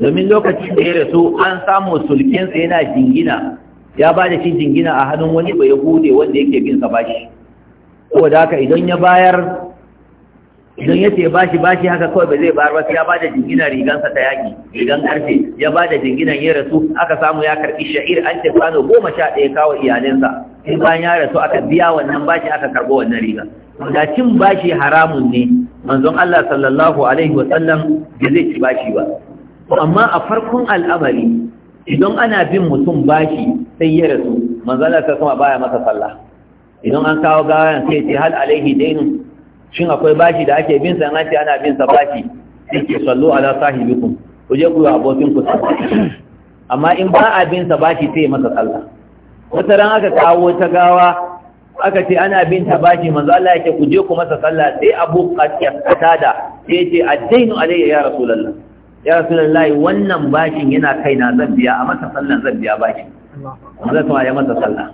domin lokacin da ya rasu an samu sulkinsa yana jingina ya ba da shi jingina a hannun wani bai hude wanda yake bin sa bashi saboda haka idan ya bayar idan ya ce bashi bashi haka kawai ba zai bayar ba sai ya bada jingina rigansa ta yaki rigan karfe ya bada jinginan ya rasu aka samu ya karbi sha'ir an ce kwano goma sha ɗaya kawo iyalinsa in bayan ya rasu aka biya wannan bashi aka karɓo wannan riga da cin bashi haramun ne manzon Allah sallallahu alaihi wa sallam zai ci bashi ba amma a farkon al'amari idan ana bin mutum bashi sai ya rasu manzon Allah sallallahu baya masa sallah idan an kawo gawayan sai ce hal alaihi dainun shin akwai bashi da ake bin sa an ce ana bin sa bashi yake sallu ala sahibikum ku je ku abokin ku amma in ba a bin sa bashi sai masa sallah wata ran aka kawo ta gawa aka ce ana bin bashi manzo Allah yake ku je ku masa sallah sai Abu Qatada sai yace addainu alayya ya rasulullah ya rasulullah wannan bashin yana kaina zan biya a masa sallan zan biya bashin Allah ya masa sallah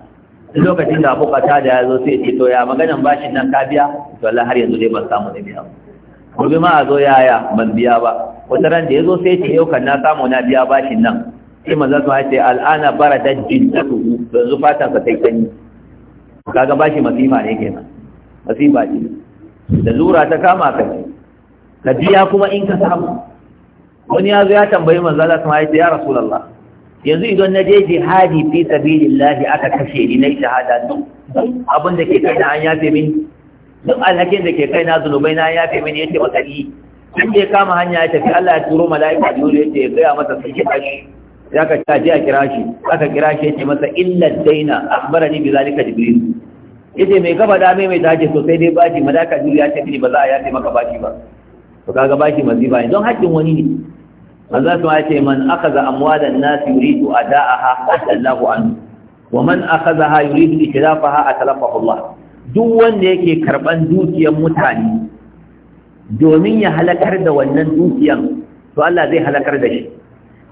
lokacin da abokan kata da ya zo sai ce to ya maganan bashin nan ka biya to Allah har yanzu dai ban samu na biya gobe ma a zo yaya ban biya ba wata ran da ya zo sai ce yau kan na samu na biya bashin nan sai manzo ta ce al'ana barada jinnatu yanzu fatan sa kai kani kaga bashi masifa ne kenan masifa ce da zura ta kama ka ka biya kuma in ka samu wani ya zo ya tambayi manzo Allah ta ce ya rasulullah yanzu idan na je jihadi fi sabilillahi aka kashe ni na shahada duk abin da ke kai na an yafe mini duk alhakin da ke kai na zunubai na yafe mini yace maka ni eh. in je kama hanya ya tafi Allah ya turo mala'ika biyu da yace ya gaya masa sai kira shi ya ka ta je a kira shi aka kira shi yace masa illa daina akhbarani bi zalika jibril yace mai gaba da mai mai tace to sai dai baji mala'ika biyu ya ce ni ba za a yafe maka bashi ba to kaga bashi maziba ne don hakkin wani ne Allah ya ce man akaza amwalan nas yuridu ada'aha atallahu anhu wa man akazaha yuridu itlafaha atlafahu Allah duk wanda yake karban dukiyar mutane domin ya halakar da wannan dukiyar to Allah zai halakar da shi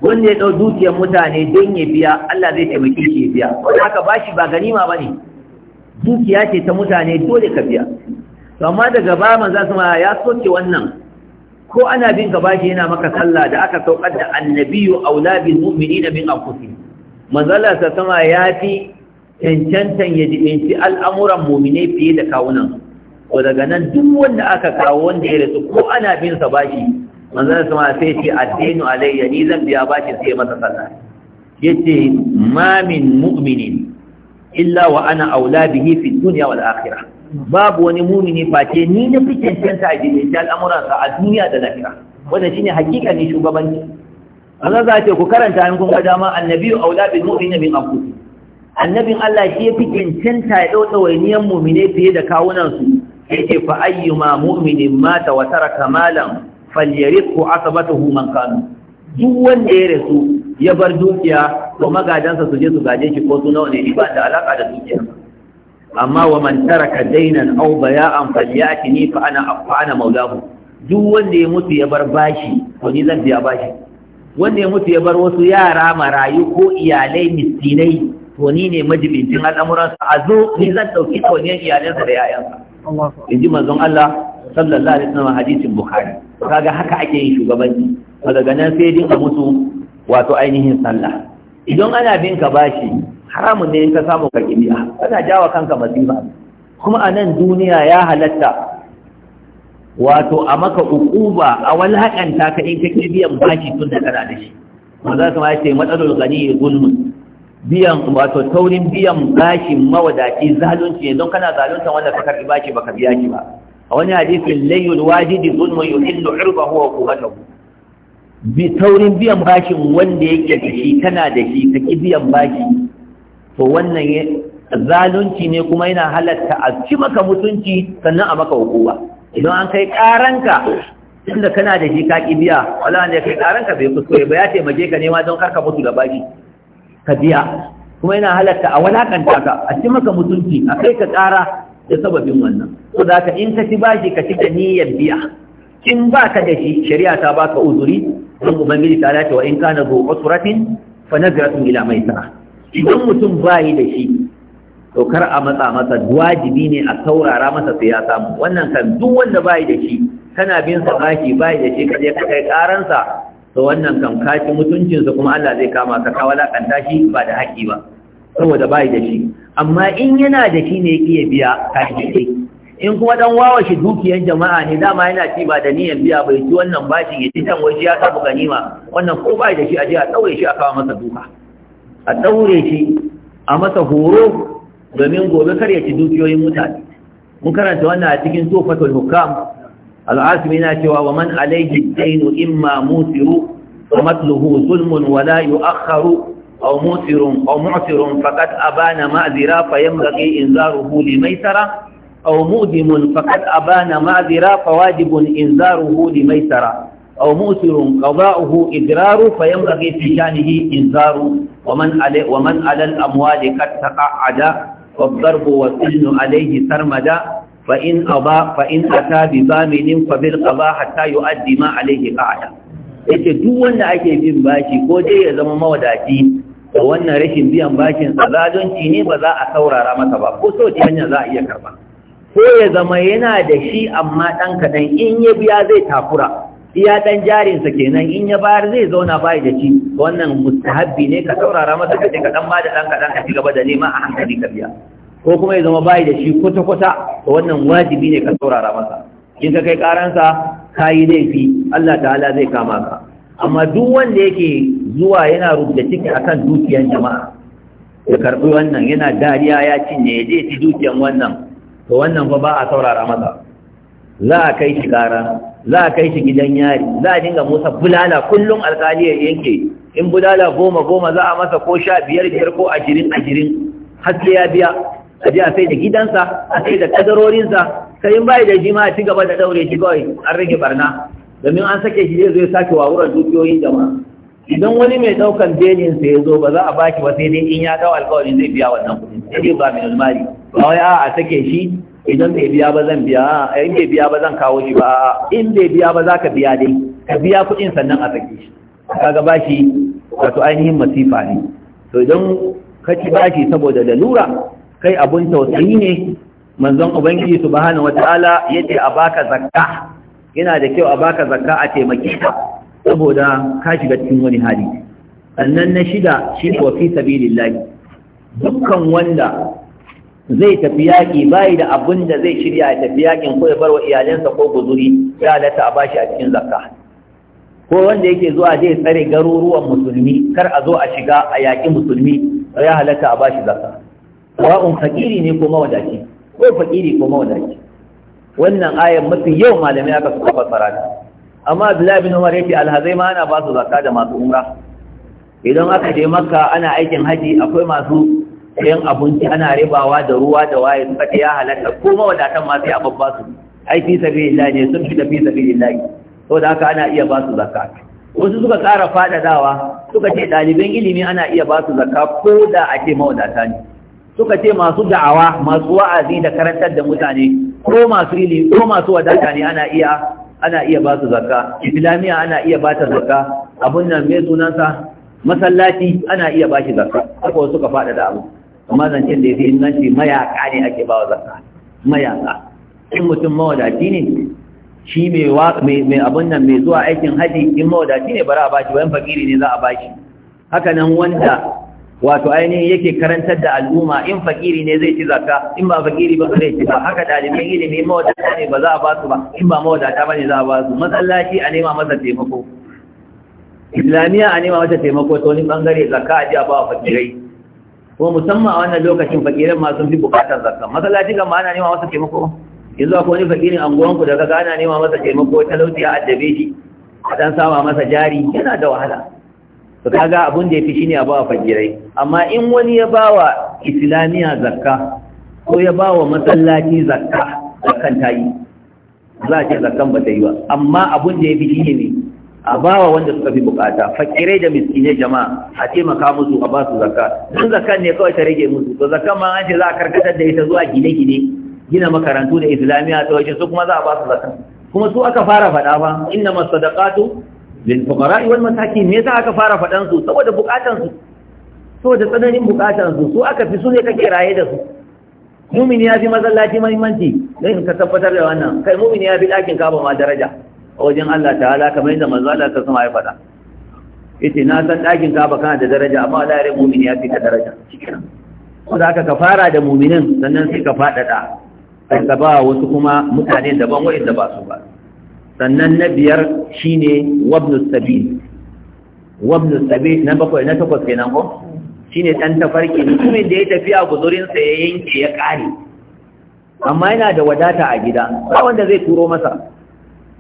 wanda ya dau dukiyar mutane don ya biya Allah zai taimake shi ya biya wanda haka bashi ba ganima bane dukiya ce ta mutane dole ka biya to amma daga ba manzo ya soke wannan ko ana bin ka bashi yana maka sallah da aka saukar da annabiyu aula bil mu'minina min anfusihim manzala ta sama ya fi cancantan ya jibinci al'amuran mu'mine fiye da kawunan ko daga nan duk wanda aka kawo wanda ya rasu ko ana bin sa bashi manzala sama sai ce addinu alayya ni zan biya bashi sai masa sallah yace ma min mu'minin illa wa ana aula bihi fi dunya wal akhirah babu wani mumini face ni na fi cancanta a jibinci al'amuransa a duniya da lafiya wannan shine hakika ne shugabanci Allah za ce ku karanta in kun ga dama annabiyu aula bil mu'minin min aku annabin Allah shi fi cancanta ya dauka wainiyan mu'mine fiye da kawunan su yake fa ayyuma mu'minin mata wa taraka malan ko asabatahu man kanu duk wanda ya rasu ya bar dukiya to magadansa su je su gaje shi ko su nawa ne ba da alaka da dukiya. amma wa man taraka dainan aw baya'an falyatini fa ana fa ana maulahu duk wanda ya mutu ya bar bashi to ni zan biya bashi wanda ya mutu ya bar wasu yara marayu ko iyalai miskinai to ni ne majibincin al'amuransa a zo ni zan dauki tawaniyar iyalansa da yayansa in ji manzon Allah sallallahu alaihi wasallam hadisin bukhari kaga haka ake yin shugabanci daga nan sai dinka mutu, wato ainihin sallah idan ana bin ka bashi haramun ne ka samu ka kibiya kana jawa kanka masifa kuma a nan duniya ya halatta wato a maka ukuba a walhaƙanta ka in ka biyan bashi tun da kana da shi maza su ma ce matsalar gani ya gulmi biyan wato taurin biyan bashin mawadaci zalunci ne don kana zalunta wanda ka karɓi bashi baka biya shi ba a wani hadisin layyul wajidi zulmun yuhillu irbahu wa qubatahu bi taurin biyan bashin wanda yake da shi kana da shi ka ki biyan bashi to wannan zalunci ne kuma yana halatta a ci maka mutunci sannan a maka hukuma idan an kai karanka tunda kana da shi ka biya wala ne kai karanka bai kuskure ba ya taimake ka nema don karka mutu da baki ka biya kuma yana halatta a walakanta ka a ci maka mutunci a kai ka kara da sababin wannan so da ka in ka ci bashi ka ci da niyyar biya in ba ka da shi shari'a ta baka uzuri don ubangiji ta dace wa in kana zo usratin fa nazratun ila maisara idan mutum bai da shi to kar a matsa masa wajibi ne a saurara masa sai ya samu wannan kan duk wanda bayi da shi kana bin sa bashi bayi da shi ka je ka kai karansa to wannan kan ka ci mutuncinsa kuma Allah zai kama ka ka walakanta shi ba da haƙi ba saboda bayi da shi amma in yana da shi ne iya biya ka shi in kuma dan wawa shi dukiyar jama'a ne dama yana ci ba da niyan biya bai ci wannan bashin ya ci tan wai ya samu ganima wannan ko bai da shi a je a tsaure shi a kawo masa duka a ɗaure shi a masa horo domin gobe kar ya ci dukiyoyin mutane mun karanta wannan a cikin tufatul hukam al'asim na cewa wa man alayhi dainu imma musiru wa matluhu zulmun wa la yu'akhkharu aw musirun aw mu'sirun faqad abana ma'zira fa yamlaki inzaruhu limaysara aw mudimun faqad abana ma'zira fa wajibun inzaruhu limaysara aw musirun qada'uhu idraru fa yamlaki fi shanihi inzaru ومن على ومن على الاموال قد تقعد والضرب والسجن عليه سرمدا فان ابى فان اتى ببامن فبالقضاء حتى يؤدي ما عليه قعدا yace duk wanda ake bin bashi ko dai ya zama mawadaci da wannan rashin biyan bashin sa zalunci ne ba za a saurara masa ba ko so hanya za a iya karba ko ya zama yana da shi amma dan kadan in ya biya zai takura iya dan jarinsa kenan in ya bayar zai zauna bai da ci wannan mustahabbi ne ka saurara masa kace ka dan da dan kadan ka ci gaba da nema a hankali ka biya ko kuma ya zama bai da shi kwata kwata wannan wajibi ne ka saurara masa in ka kai karansa kayi laifi Allah ta'ala zai kama ka amma duk wanda yake zuwa yana rubuta ciki akan dukiyar jama'a ya karbi wannan yana dariya ya cinye ya je ci dukiyar wannan to wannan fa ba a saurara masa za a kai shi gara za a kai shi gidan yari za a dinga Musa bulala kullum alkali ya yanke in bulala goma goma za a masa ko sha biyar biyar ko ashirin ashirin haske ya biya a ji a sai da gidansa a sai da kadarorinsa sai in bai da jima a ci gaba da daure shi kawai an rage barna domin an sake shi zai zo ya sake wawurar dukiyoyin jama'a idan wani mai daukan benin sa ya zo ba za a baki ba sai dai in ya dawo alkawari zai biya wannan kuɗin sai dai ba mai almari ba wai a sake shi idan bai biya ba zan biya in bai biya ba zan kawo shi ba in bai biya ba za ka biya dai ka biya kuɗin sannan a sake shi ga bashi wato ainihin masifa ne to idan ka ci bashi saboda lalura kai abun tausayi ne manzon ubangiji subhanahu wataala yace a baka zakka yana da kyau a baka zakka a taimake ka saboda ka shiga cikin wani hali sannan na shida shi wa fi sabilillahi dukkan wanda zai tafi yaƙi bayi da abin da zai shirya ya tafi yaƙin ko ya bar wa iyalansa ko guzuri ya halatta a bashi a cikin zakka ko wanda yake zuwa zai tsare garuruwan musulmi kar a zo a shiga a yaƙi musulmi ya halatta a bashi zakka wa'un fakiri ne ko mawadaci ko fakiri ko mawadaci wannan ayar mafi yau malamai aka suka fassara ta amma Abdullahi bin Umar yace alhazai ma ana ba su zakka da masu umra idan aka je Makka ana aikin haji akwai masu sayan abinci ana ribawa da ruwa da waye suka ce ya halatta ko mawadatan ma sai a babba su ai fi sabilillah ne sun fi da fi to da haka ana iya ba su zakka wasu suka ƙara faɗaɗawa suka ce ɗaliban ilimi ana iya ba su zakka ko da a ce mawadata ne suka ce masu da'awa masu wa'azi da karantar da mutane ko masu ilimi ko masu wadata ne ana iya ana iya ba su zakka islamiya ana iya ba ta zakka abun nan mai sunansa masallaci ana iya ba shi zakka haka suka faɗaɗa abu amma zancen da ya fi inganci mayaka ne ake ba wa zakka mayaka in mutum mawadaci ne shi mai abin nan mai zuwa aikin haji in mawadaci ne bara a bashi wani fakiri ne za a bashi haka nan wanda wato ainihin yake karantar da al'umma in fakiri ne zai ci zakka in ba fakiri ba zai ci ba haka ɗaliban ilimi mawadata ne ba za a ba su ba in ba mawadata ba ne za a ba su matsalaci a nema masa taimako islamiyya a nema masa taimako ta wani bangare zakka a ji a ba wa fakirai ko musamman a wannan lokacin fakirin ma sun fi bukatar zakka masallaci kan ma ana nema masa taimako zuwa ko wani fakirin anguwan ku daga ana nema masa taimako talauci a addabe shi a dan sama masa jari yana da wahala to kaga abun da yafi shine a bawa fakirai amma in wani ya bawa islamiya zakka ko ya bawa masallaci zakka zakkan tayi za a ce zakkan ba ta yi ba amma abun da ya fi shine ne a bawa wanda suka fi bukata fakirai da miskinai jama'a a taimaka musu a basu zakka don zakkan ne kawai ta rage musu to zakkan ma an ce za a karkatar da ita zuwa gine-gine gina makarantu da islamiyya ta waje su kuma za a basu zakkan kuma su aka fara faɗa ba inna masadaqatu lil fuqara'i wal masakin me yasa aka fara faɗan su saboda bukatan su saboda tsananin bukatan su su aka fi su ne kake raye da su mumin ya fi masallaci mahimmanci, don ka tabbatar da wannan kai mumin ya fi ɗakin kaba ma daraja a wajen Allah ta'ala kamar yadda manzo Allah ta sama ya faɗa yace na san ɗakin ba kana da daraja amma Allah ya rai mu'mini ya fi ka daraja Kuma ko da ka fara da mu'minin sannan sai ka faɗaɗa kai ka ba wasu kuma mutane daban wa'inda ba su ba sannan na biyar shine wabnu sabil wabnu sabil na bakwai na takwas kenan ko shine dan tafarki mutumin da ya tafiya guzurin sa ya yanke ya kare amma yana da wadata a gida ba wanda zai turo masa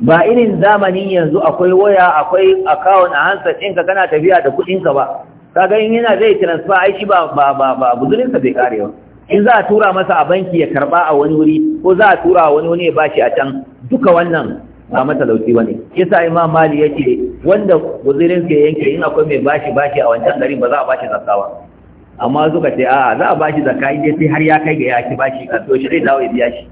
ba irin zamani yanzu akwai waya akwai akawun a hansa ɗinka kana tafiya da kuɗinka ba kaga in yana zai transfer ai shi ba ba ba ba bai karewa in za a tura masa a banki ya karba a wani wuri ko za a tura a wani wani ya bashi a can duka wannan ba matalauci ne yasa imam mali yake wanda buzuninsa ya yanke in akwai mai bashi bashi a wancan garin ba za a bashi zakawa amma suka ce a za a bashi zakka in dai sai har ya kai ga ya ki bashi a to shi zai dawo ya biya shi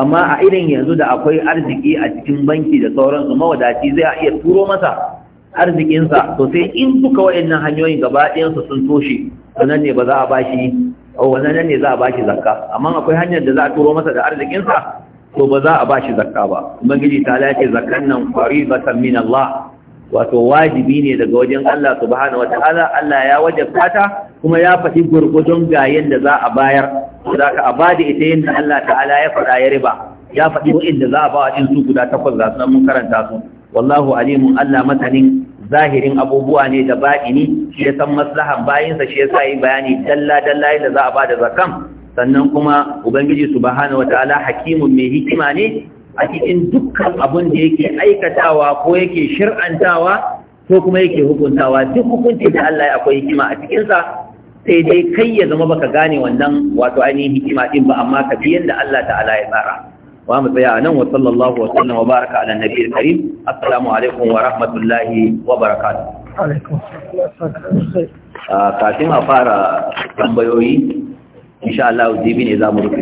amma a irin yanzu da akwai arziki a cikin banki da sauransu mawadaci zai iya turo masa arzikinsa to sai in duka waɗannan hanyoyin gaba ɗayansu sun toshe wannan ne ba za a bashi oh, wannan ne za a bashi zakka amma akwai hanyar da za a turo masa da arzikinsa to ba za a bashi zakka ba ubangiji ta lace zakkan nan qaribatan min Allah wato wajibi ne daga wajen Allah subhanahu wataala Allah ya wajabta ta kuma ya faɗi gurgudun gayen da za a bayar za ka abada ita yin da Allah ta'ala ya faɗa ya riba ya faɗi da za a ba a su guda takwas za su nan mun karanta su wallahu alimun Allah masanin zahirin abubuwa ne da baɗini shi ya san maslahan bayinsa shi ya sa yi bayani dalla dalla da za a ba da zakam sannan kuma ubangiji subhanahu wataala hakimun mai hikima ne a cikin dukkan abin da yake aikatawa ko yake shir'antawa ko kuma yake hukuntawa duk hukunci da Allah ya akwai hikima a cikinsa sai dai kai ya zama baka gane wannan wato ainihin hikima din ba amma ka biyan yanda Allah ta'ala ya tsara wa mu tsaya nan wa sallallahu wa sallam wa baraka ala nabiyil karim assalamu alaikum wa rahmatullahi wa barakatuh alaikum ah, kafin a fara tambayoyi insha Allah jibi ne za mu rufe